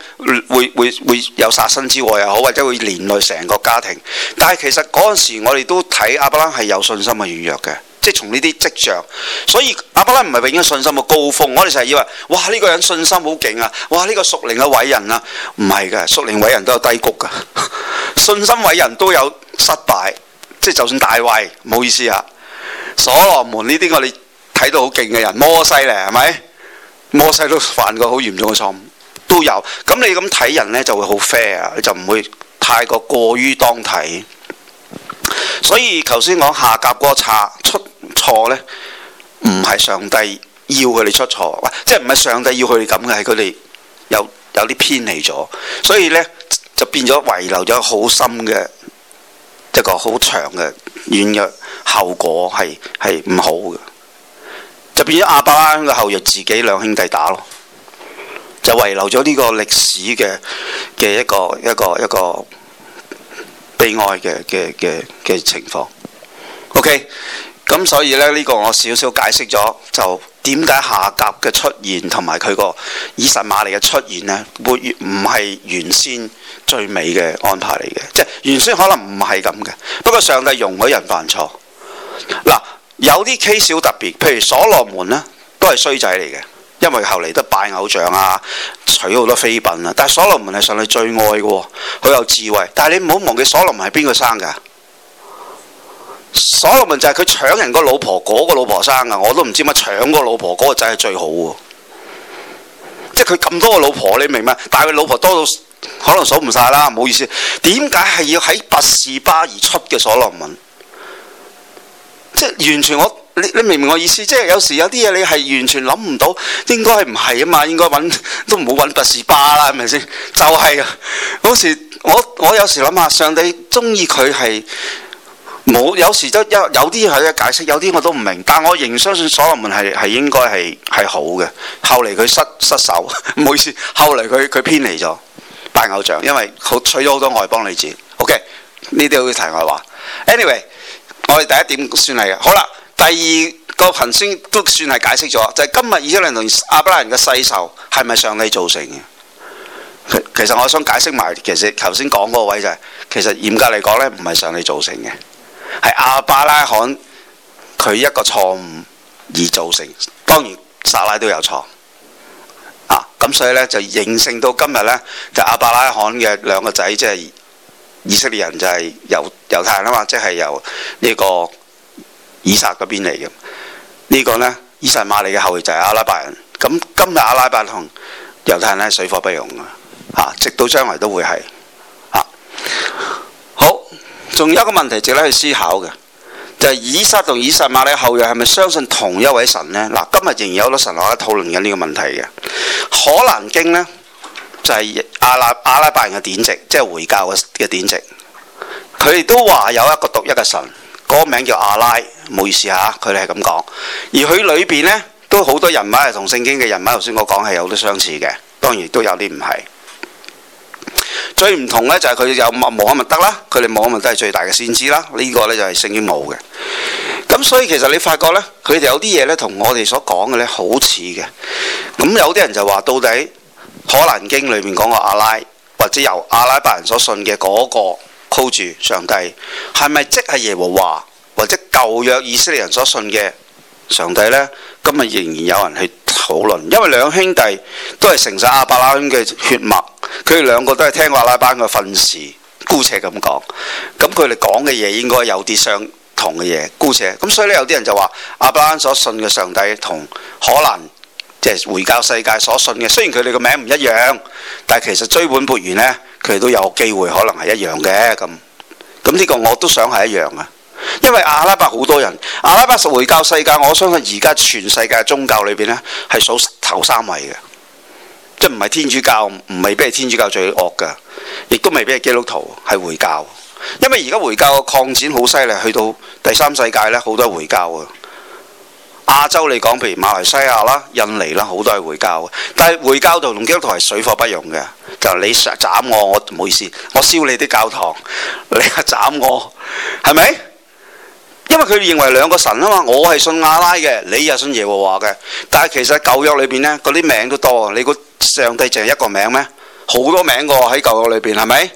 會會會有殺身之禍又好，或者會連累成個家庭。但係其實嗰陣時我，我哋都睇亞伯拉係有信心嘅軟弱嘅，即係從呢啲跡象。所以亞伯拉唔係永遠信心嘅高峰。我哋成日以為哇呢、這個人信心好勁啊！哇呢、這個屬靈嘅偉人啊，唔係嘅，屬靈偉人都有低谷嘅， 信心偉人都有失敗。即係就算大衛，唔好意思啊，所羅門呢啲我哋睇到好勁嘅人，摩西咧係咪？摩西都犯過好嚴重嘅錯誤，都有。咁你咁睇人呢就會好 fair，你就唔會太過過於當體。所以頭先講夏甲哥查出錯呢，唔係上帝要佢哋出錯，即係唔係上帝要佢哋咁嘅，係佢哋有有啲偏離咗，所以呢，就變咗遺留咗好深嘅。一個好長嘅軟弱後果係係唔好嘅，就變咗亞伯拉罕嘅後裔自己兩兄弟打咯，就遺留咗呢個歷史嘅嘅一個一個一個悲哀嘅嘅嘅嘅情況。OK，咁所以呢，呢、呢個我少少解釋咗就。點解夏甲嘅出現同埋佢個以實瑪利嘅出現呢？會唔係原先最美嘅安排嚟嘅？即係原先可能唔係咁嘅。不過上帝容許人犯錯。嗱，有啲 case 好特別，譬如所羅門呢，都係衰仔嚟嘅，因為後嚟都拜偶像啊，娶好多妃嬪啊。但係所羅門係上帝最愛嘅，啊，佢有智慧。但係你唔好忘記所羅門係邊個生㗎，啊？所羅門就係佢搶人個老婆，嗰個老婆生噶，我都唔知乜搶個老婆，嗰個仔係最好喎。即係佢咁多個老婆，你明咩？但係佢老婆多到可能數唔晒啦，唔好意思。點解係要喺拔示巴而出嘅所羅門？即係完全我你你明唔明我意思？即係有時有啲嘢你係完全諗唔到，應該係唔係啊嘛？應該搵都唔好搵拔示巴啦，係咪先？就係啊！有時我我有時諗下，上帝中意佢係。冇有時都一有啲係嘅解釋，有啲我都唔明，但我仍相信所羅門係係應該係係好嘅。後嚟佢失失手，呵呵唔好意思。後嚟佢佢偏離咗拜偶像，因為佢娶咗好多外邦女子。OK 呢啲好題外話。Anyway，我哋第一點算係嘅。好啦，第二個行星都算係解釋咗，就係、是、今日以色列同阿拉伯人嘅世仇係咪上帝造成嘅？其實我想解釋埋，其實頭先講嗰個位就係、是、其實嚴格嚟講呢，唔係上帝造成嘅。係亞伯拉罕佢一個錯誤而造成，當然撒拉都有錯啊！咁所以呢，就形成到今日呢，就亞伯拉罕嘅兩個仔，即、就、係、是、以色列人就係猶猶太人啦，嘛、就是，即係、就是、由呢個以撒嗰邊嚟嘅。呢、這個呢，以實瑪利嘅後裔就係阿拉伯人。咁、啊、今日阿拉伯同猶太人呢，水火不容啊！嚇，直到將來都會係嚇。啊。仲有一個問題值得去思考嘅，就係以撒同以實瑪利後裔係咪相信同一位神呢？嗱，今日仍然有好多神學家討論緊呢個問題嘅。可蘭經呢就係阿拉阿拉伯人嘅典籍，即係回教嘅嘅典籍，佢哋都話有一個獨一嘅神，個名叫阿拉。唔好意思吓，佢哋係咁講。而佢裏邊呢都好多人物係同聖經嘅人物，頭先我講係有啲相似嘅，當然都有啲唔係。最唔同咧，就係佢有穆罕默德啦，佢哋穆罕默德係最大嘅先知啦，呢、呢個咧就係聖經冇嘅。咁所以其實你發覺咧，佢哋有啲嘢咧，同我哋所講嘅咧好似嘅。咁有啲人就話，到底《可蘭經》裏面講過阿拉，或者由阿拉伯人所信嘅嗰、嗰個箍住上帝，係咪即係耶和華，或者舊約以色列人所信嘅上帝呢？今日仍然有人去。討論，因為兩兄弟都係承受阿伯拉罕嘅血脈，佢哋兩個都係聽過阿拉班嘅訓示，姑且咁講。咁佢哋講嘅嘢應該有啲相同嘅嘢，姑且。咁所以咧，有啲人就話阿伯拉罕所信嘅上帝同可能即係回教世界所信嘅，雖然佢哋個名唔一樣，但係其實追本溯源呢，佢哋都有機會可能係一樣嘅。咁咁呢個我都想係一樣啊。因為阿拉伯好多人，阿拉伯回教世界，我相信而家全世界宗教裏邊呢係數頭三位嘅，即係唔係天主教，唔係俾係天主教最惡噶，亦都未俾係基督徒係回教，因為而家回教嘅擴展好犀利，去到第三世界呢好多回教啊。亞洲嚟講，譬如馬來西亞啦、印尼啦，好多係回教，但係回教同基督徒係水火不容嘅，就你斬我，我唔好意思，我燒你啲教堂，你啊斬我，係咪？因為佢哋認為兩個神啊嘛，我係信阿拉嘅，你又信耶和華嘅。但係其實舊約裏邊呢，嗰啲名都多。你個上帝淨係一個名咩？好多名喎喺舊約裏邊，係咪？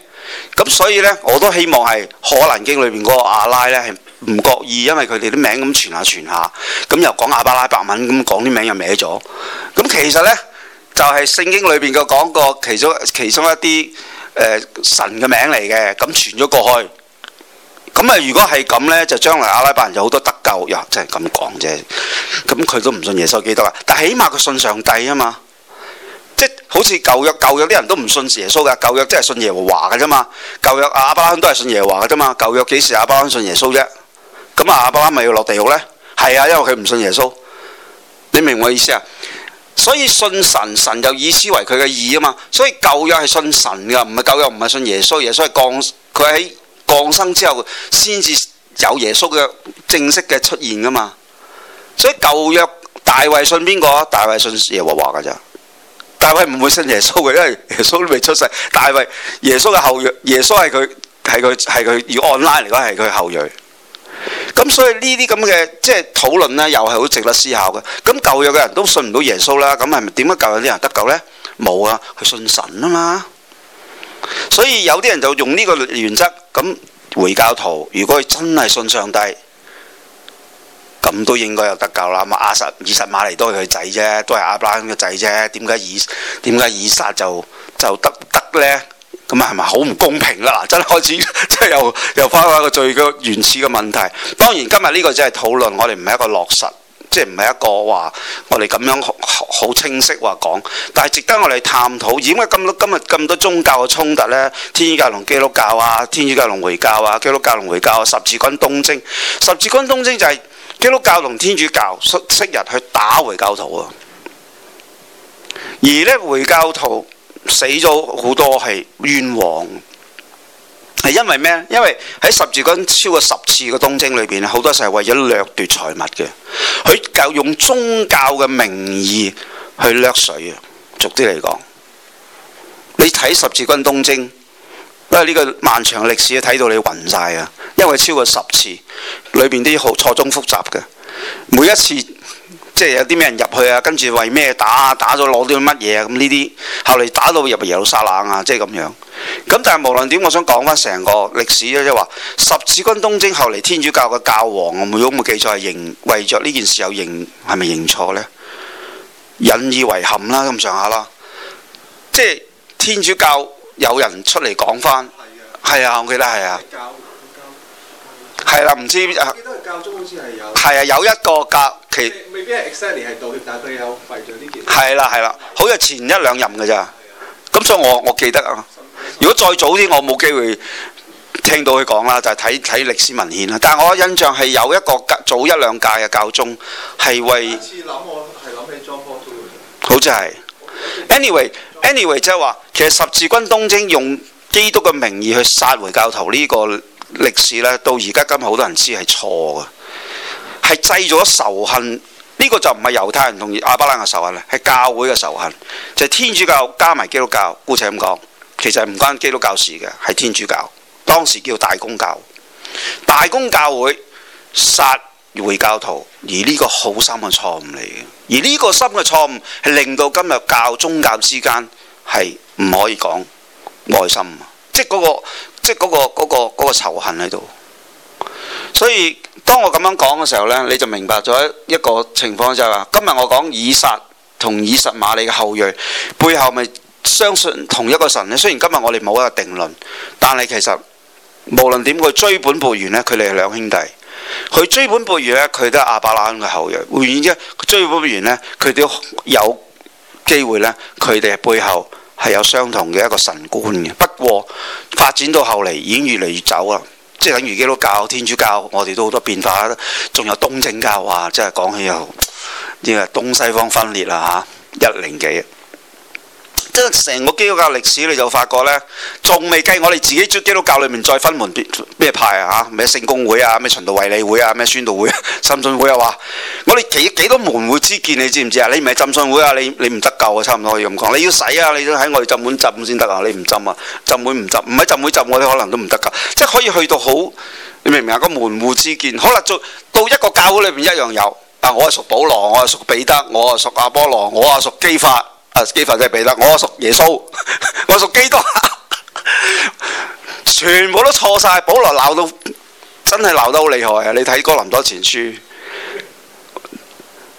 咁所以呢，我都希望係《可蘭經》裏邊嗰個阿拉呢，係唔覺意，因為佢哋啲名咁傳下傳下，咁又講阿拉伯文咁講啲名又歪咗。咁其實呢，就係、是、聖經裏邊嘅講過其中其中一啲誒、呃、神嘅名嚟嘅，咁傳咗過去。咁啊！如果係咁呢，就將來阿拉伯人有好多得救，又即係咁講啫。咁佢都唔信耶穌基督啊，但起碼佢信上帝啊嘛。即係好似舊約舊約啲人都唔信耶穌噶，舊約即係信耶和華噶啫嘛。舊約阿伯拉罕都係信耶和華噶啫嘛。舊約幾時阿伯拉罕信耶穌啫？咁啊，阿伯拉罕咪要落地獄呢？係啊，因為佢唔信耶穌。你明我意思啊？所以信神，神就以此為佢嘅義啊嘛。所以舊約係信神噶，唔係舊約唔係信耶穌。耶穌係降佢喺。降生之後先至有耶穌嘅正式嘅出現噶嘛，所以舊約大衛信邊個啊？大衛信耶和華噶咋？大衛唔會信耶穌嘅，因為耶穌都未出世。大衛耶穌嘅後裔，耶穌係佢係佢係佢如果按拉嚟講係佢後裔。咁所以這這呢啲咁嘅即係討論呢，又係好值得思考嘅。咁舊約嘅人都信唔到耶穌啦，咁係咪點解舊約啲人得救呢？冇啊，佢信神啊嘛。所以有啲人就用呢個原則，咁回教徒如果佢真係信上帝，咁都應該有得救啦。阿實以實馬尼都係佢仔啫，都係亞蘭嘅仔啫，點解以點解以撒就就得得呢？咁係咪好唔公平啦？真係開始即係 又又翻翻個最原始嘅問題。當然今日呢個只係討論，我哋唔係一個落實。即係唔係一個話我哋咁樣好清晰話講，但係值得我哋探討。點解咁多今日咁多宗教嘅衝突呢？天主教同基督教啊，天主教同回教啊，基督教同回教、啊、十字軍東征，十字軍東征就係基督教同天主教昔日去打回教徒啊，而呢回教徒死咗好多係冤枉。係因為咩？因為喺十字軍超過十次嘅東征裏邊，好多時係為咗掠奪財物嘅。佢就用宗教嘅名義去掠水。啊，逐啲嚟講，你睇十字軍東征，因為呢個漫長歷史睇到你暈晒啊！因為超過十次，裏邊啲好錯綜複雜嘅，每一次。即係有啲咩人入去啊，跟住為咩打，打啊，打咗攞啲乜嘢啊？咁呢啲後嚟打到入嚟耶路撒冷啊，即係咁樣。咁但係無論點，我想講翻成個歷史咧，即係話十字軍東征後嚟天主教嘅教皇，如果冇記錯係認為着呢件事有認係咪認錯呢？引以為憾啦，啊，咁上下啦。即係天主教有人出嚟講翻，係啊的，我記得係啊。係啦，唔知啊。我記得教宗好似係有。係啊，有一個教期，未必係 exactly 係道歉，但佢有為咗呢件事。係啦係啦，好似前一兩任嘅咋，咁的所以我我記得啊。如果再早啲，我冇機會聽到佢講啦，就係睇睇歷史文獻啦。但我印象係有一個教早一兩屆嘅教宗係為。好似係，anyway，anyway 即係話，其實十字軍，軍東征用基督嘅名義去殺回教徒呢、這個。歷史咧到而家今日好多人知係錯嘅，係製咗仇恨。呢個就唔係猶太人同亞伯拉罕嘅仇恨啦，係教會嘅仇恨，就係天主教加埋基督教，姑且咁講。其實唔關基督教事嘅，係天主教。當時叫大公教，大公教會殺回教徒，而呢個好深嘅錯誤嚟嘅，而呢個深嘅錯誤係令到今日教宗教之間係唔可以講愛心，即係嗰個。即係、嗰、嗰個嗰、嗰個嗰個仇恨喺度，所以當我咁樣講嘅時候呢，你就明白咗一個情況就係話：今日我講以撒同以實瑪利嘅後裔，背後咪相信同一個神咧。雖然今日我哋冇一個定論，但係其實無論點佢追本溯源呢，佢哋係兩兄弟。佢追本溯源呢，佢都係亞伯拉罕嘅後裔。換言之，追本溯源呢，佢都有機會呢，佢哋係背後係有相同嘅一個神觀嘅，不過發展到後嚟已經越嚟越走啦，即係等於基督教、天主教，我哋都好多變化啦，仲有東正教啊，即係講起又呢個東西方分裂啦嚇、啊，一零幾。即係成個基督教歷史，你就發覺咧，仲未計我哋自己基督教裏面再分門別咩派啊吓，咩聖公會啊，咩循道衛理會，啊，咩宣道會啊，浸信會又、啊、話，我哋幾幾多門戶之見，你知唔知啊？你唔係浸信會啊，你你唔得救啊，差唔多可以咁講。你要洗啊，你都喺我哋浸會浸先得啊，你唔浸啊，浸會唔浸，唔係浸會浸，我哋可能都唔得噶、啊。即係可以去到好，你明唔明啊？個門戶之見，可能做到一個教會裏面一樣有。啊，我係屬保羅，我係屬彼得，我係屬阿波羅，我係屬基法。啊！基弗就避啦，我屬耶穌， 我屬基督， 全部都錯晒。保羅鬧到真係鬧得好厲害啊！你睇哥林多前書，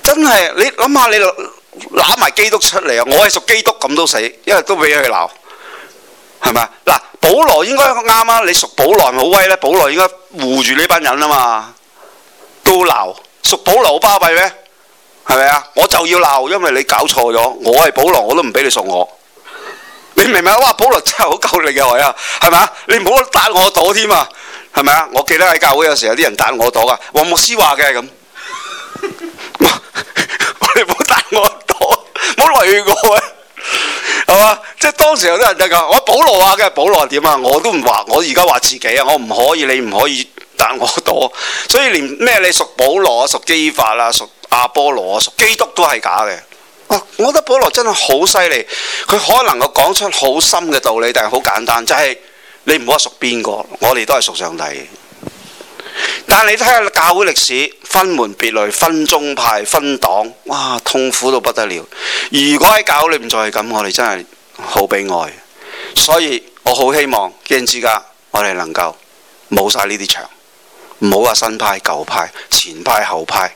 真係你諗下，你攬埋基督出嚟啊！我係屬基督咁都死，因為都俾佢鬧，係咪啊？嗱，保羅應該啱啊！你屬保羅咪好威咧？保羅應該護住呢班人啊嘛，都鬧，屬保羅好巴閉咩？係咪啊？我就要鬧，因為你搞錯咗，我係保羅，我都唔俾你屬我。你明唔明啊？哇，保羅真係好夠力嘅，係啊，係咪啊？你唔好打我朵添啊，係咪啊？我記得喺教會有時候有啲人打我朵噶，黃牧師話嘅咁， 你唔好打我朵，唔好圍我啊，係嘛？即、就、係、是、當時有啲人就講我保羅啊，嘅保羅點啊？我都唔話，我而家話自己啊，我唔可以，你唔可以打我朵。所以連咩你屬保羅啊，屬基法啦，屬。阿、啊、波羅屬基督都係假嘅，啊，我覺得保羅真係好犀利，佢可能佢講出好深嘅道理，但係好簡單，就係、是、你唔好話屬邊個，我哋都係屬上帝。但係你睇下教會歷史，分門別類、分宗派、分黨，哇，痛苦到不得了。如果喺教會裏面再係咁，我哋真係好悲哀。所以我好希望，基恩之家，我哋能夠冇晒呢啲牆，唔好話新派舊派、前派後派。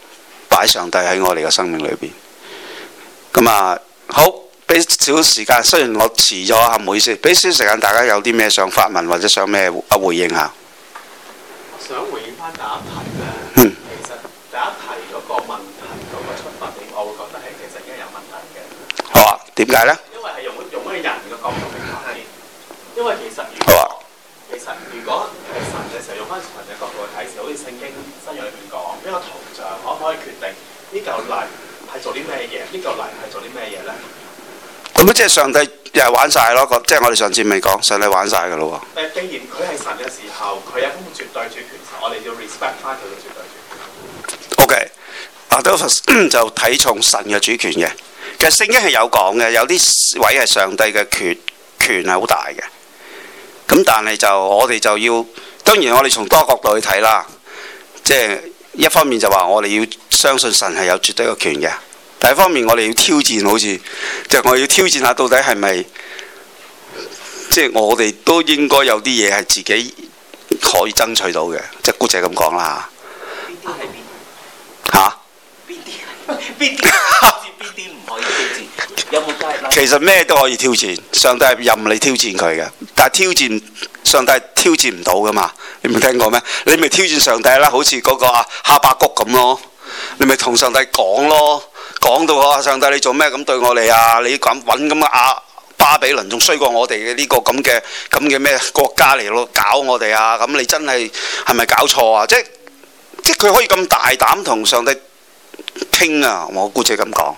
擺上帝喺我哋嘅生命裏邊，咁啊好，俾少時間。雖然我遲咗嚇，唔好意思。俾少時間大家有啲咩想發問或者想咩啊回應下。想回應返第一題咧，其實第一題嗰個問題嗰個出發點，我會覺得係其實應該有問題嘅。好啊，點解呢？開視頻嘅角度去睇，好似聖經新約裏面講，呢個圖像可唔可以決定呢嚿泥係做啲咩嘢？呢嚿泥係做啲咩嘢咧？咁即係上帝又係玩晒咯。即係我哋上次咪講，上帝玩晒嘅咯喎。既然佢係神嘅時候，佢有咁嘅絕對主權，我哋要 respect 翻佢嘅絕對主權。O.K. 阿、啊、Doctor 就睇重神嘅主權嘅。其實聖經係有講嘅，有啲位係上帝嘅權權係好大嘅。咁但係就我哋就要。當然，我哋從多角度去睇啦，即係一方面就話我哋要相信神係有絕對嘅權嘅，第一方面我哋要挑戰，好似即係我要挑戰下到底係咪，即係我哋都應該有啲嘢係自己可以爭取到嘅，即係姑姐咁講啦吓？啊邊啲？唔可以挑戰？有冇齋？其實咩都可以挑戰，上帝係任你挑戰佢嘅。但係挑，挑，挑戰上帝挑戰唔到噶嘛？你冇聽過咩？你咪挑戰上帝啦，好似嗰個啊哈巴谷咁咯。你咪同上帝講咯，講到啊上帝你做咩咁對我哋啊？你咁搵咁嘅阿巴比倫仲衰過我哋嘅呢個咁嘅咁嘅咩國家嚟咯？搞我哋啊！咁你真係係咪搞錯啊？即即佢可以咁大膽同上帝？傾啊，我姑姐咁講，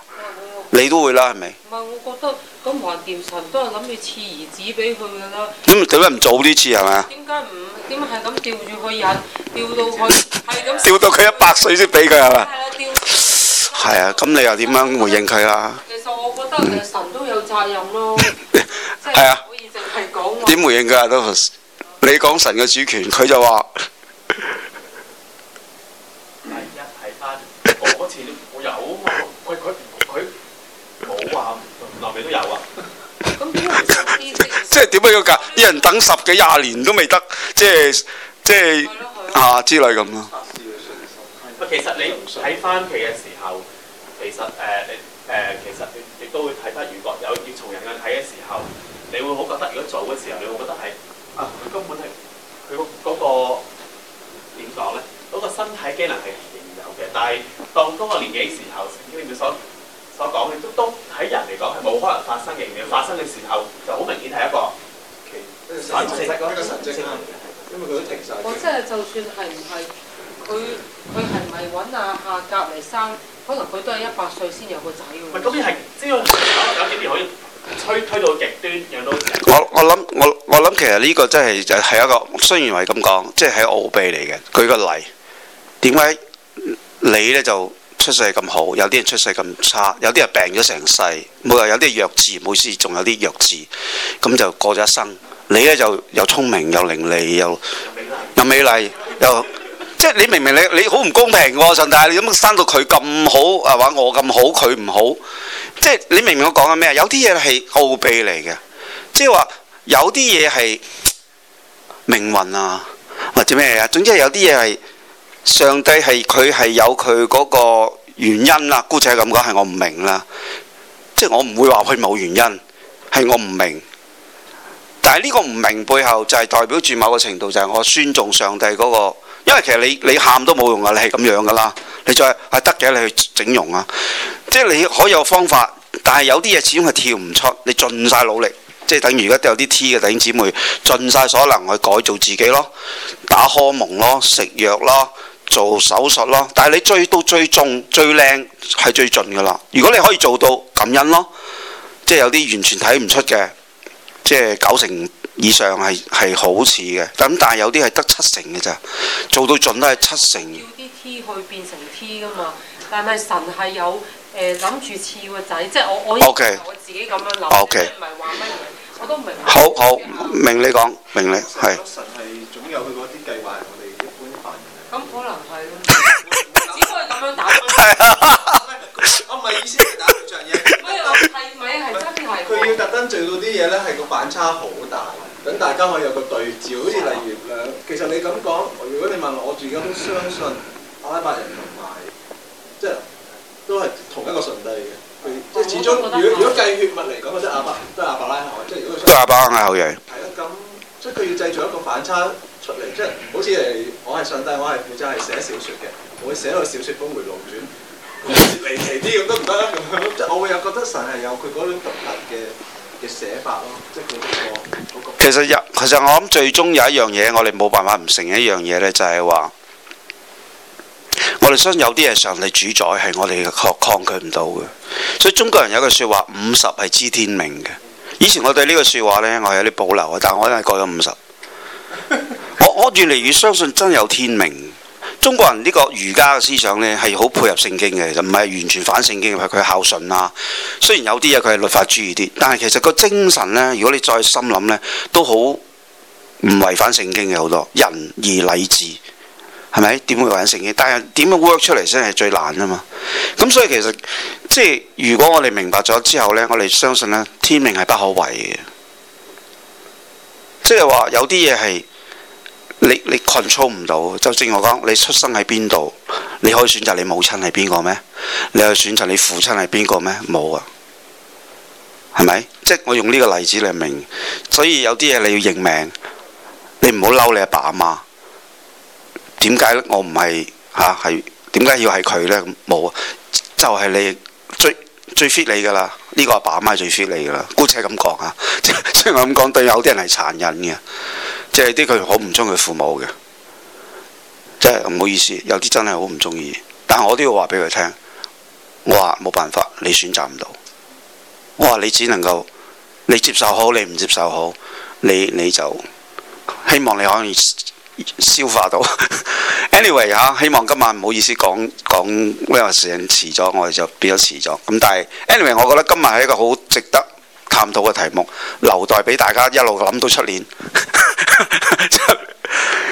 你都會啦，係咪？唔係，我覺得咁話，神都係諗住賜兒子俾佢噶啦。咁點解唔早啲賜？係咪？點解唔？點解係咁吊住佢人，吊到佢係咁？吊到佢一百歲先俾佢？係嘛？係、yeah, ok no，啊，咁你又點樣回應佢啊？Israel, 其實我覺得神都有責任咯。係啊。可以淨係講點回應佢啊？都都你講神嘅主權，佢就話。即係點解要㗎？啲人等十幾廿年都未得，即係即係啊之類咁咯。唔其實你睇翻佢嘅時候，其實你，誒、呃呃，其實亦都會睇翻如果有要從人去睇嘅時候，你會好覺得，如果做嘅時候，你會覺得係啊，佢根本係佢嗰嗰個點講咧？嗰、嗰個嗰個身體機能係仍有嘅，但係當多個年紀時候，你會想。我講嘅都都喺人嚟講係冇可能發生嘅嘢，發生嘅時候就好明顯係一個，其實嗰個神蹟啦，因為佢都停曬。我即係就算係唔係佢，佢係咪揾阿阿格嚟生？可能佢都係一百歲先有個仔喎。喂，嗰邊係即係有啲可以推推到極端，讓到我我諗我我諗其實呢個真係係一個雖然話咁講，即係喺奧秘嚟嘅。舉個例，點解你咧就？出世咁好，有啲人出世咁差，有啲人病咗成世，冇啊！有啲弱智，唔好意思，仲有啲弱智，咁就過咗一生。你呢就又聰明又伶俐又又美麗，又即係你明明你你好唔公平喎，哦，上帝！你點生到佢咁好啊？話我咁好，佢唔好，好，即係你明明我講緊咩啊？有啲嘢係奧秘嚟嘅，即係話有啲嘢係命運啊，或者咩啊？總之係有啲嘢係。上帝係佢係有佢嗰個原因啦，姑且咁講係我唔明啦，即係我唔會話佢冇原因，係我唔明。但係呢個唔明背後就係代表住某個程度，就係、是、我尊重上帝嗰、嗰個。因為其實你你喊都冇用啊，你係咁樣噶啦，你再係得嘅，你去整容啊，即係你可以有方法。但係有啲嘢始終係跳唔出，你盡晒努力，即係等於而家都有啲 T 嘅弟兄姊妹盡晒所能去改造自己咯，打荷爾蒙咯，食藥咯。做手術咯，但係你追到最重、最靚係最盡噶啦。如果你可以做到感恩咯，即係有啲完全睇唔出嘅，即係九成以上係係好似嘅。咁但係有啲係得七成嘅咋，做到盡都係七成。要啲 T 去變成 T 噶嘛？但係神係有誒諗住照個仔，即係我我 Okay. Okay. 我自己咁樣諗，唔係話乜嘢，我都明好。好好明你講明你係。神係總有佢嗰啲計劃。我唔係意思係打兩仗嘢，咩啊？係咪啊？係特別係佢要特登做到啲嘢咧，係個反差好大，等大家可以有個對照。好似例如兩，其實你咁講，如果你問我，我仲係都相信阿拉伯人同埋，即係都係同一個上帝嘅。即係始終，如果如果計血脈嚟講，都係亞伯拉罕，都係亞伯拉罕啦，係嘛？即係如果佢都係亞伯拉罕亞伯拉罕後裔。係啦，咁即係佢要製造一個反差出嚟，即係好似係我係上帝，我係負責係寫小説嘅。我會寫一個小説，峰迴路轉，離奇啲咁都唔得，咁即係我會有覺得神係有佢嗰種獨特嘅嘅寫法咯，即係、那個那個、其實有，其實我諗最終有一樣嘢，我哋冇辦法唔承認一樣嘢呢，就係、是、話我哋相信有啲嘢上嚟主宰，係我哋抗拒唔到嘅。所以中國人有句説話：五十係知天命嘅。以前我對呢個説話呢，我有啲保留啊，但係我真係過咗五十， 我我越嚟越相信真有天命。中國人呢個儒家嘅思想呢，係好配合聖經嘅，就唔係完全反聖經，係佢孝順啦。雖然有啲嘢佢係律法主義啲，但係其實個精神呢，如果你再心諗呢，都好唔違反聖經嘅好多仁義禮智，係咪？點會違反聖經？但係點樣 work 出嚟先係最難啊嘛。咁所以其實即係如果我哋明白咗之後呢，我哋相信呢，天命係不可違嘅，即係話有啲嘢係。你你 control 唔到，就正如我講，你出生喺邊度，你可以選擇你母親係邊個咩？你可以選擇你父親係邊個咩？冇啊，係咪？即係我用呢個例子嚟明，所以有啲嘢你要認命，你唔好嬲你阿爸阿媽。點解我唔係嚇係點解要係佢呢？冇啊，就係、是、你最最 fit 你噶啦，呢、這個阿爸阿媽係最 fit 你噶啦，姑且咁講啊，即係我咁講，對有啲人係殘忍嘅。即係啲佢好唔中意父母嘅，即係唔好意思，有啲真係好唔中意，但我都要話俾佢聽，我話冇辦法，你選擇唔到，我話你只能夠，你接受好，你唔接受好，你你就希望你可以消化到。 anyway 嚇、啊，希望今晚唔好意思講講咩話時間遲咗，我哋就變咗遲咗。咁但係，anyway，我覺得今日係一個好值得探討嘅題目留待俾大家一路諗到出年，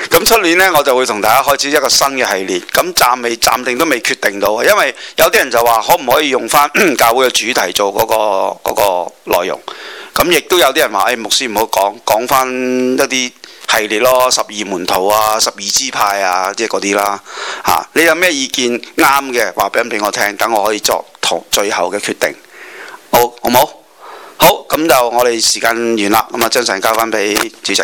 咁 出年呢，我就會同大家開始一個新嘅系列。咁暫未暫定都未決定到，因為有啲人就話可唔可以用翻 教會嘅主題做嗰個嗰個內容。咁亦都有啲人話：誒、哎，牧師唔好講講翻一啲系列咯，十二門徒啊，十二支派啊，即係嗰啲啦。吓、啊，你有咩意見啱嘅話，俾俾我聽，等我可以作同最後嘅決定。好，好唔好？好，咁就我哋時間完啦，咁啊將陣交返俾主席。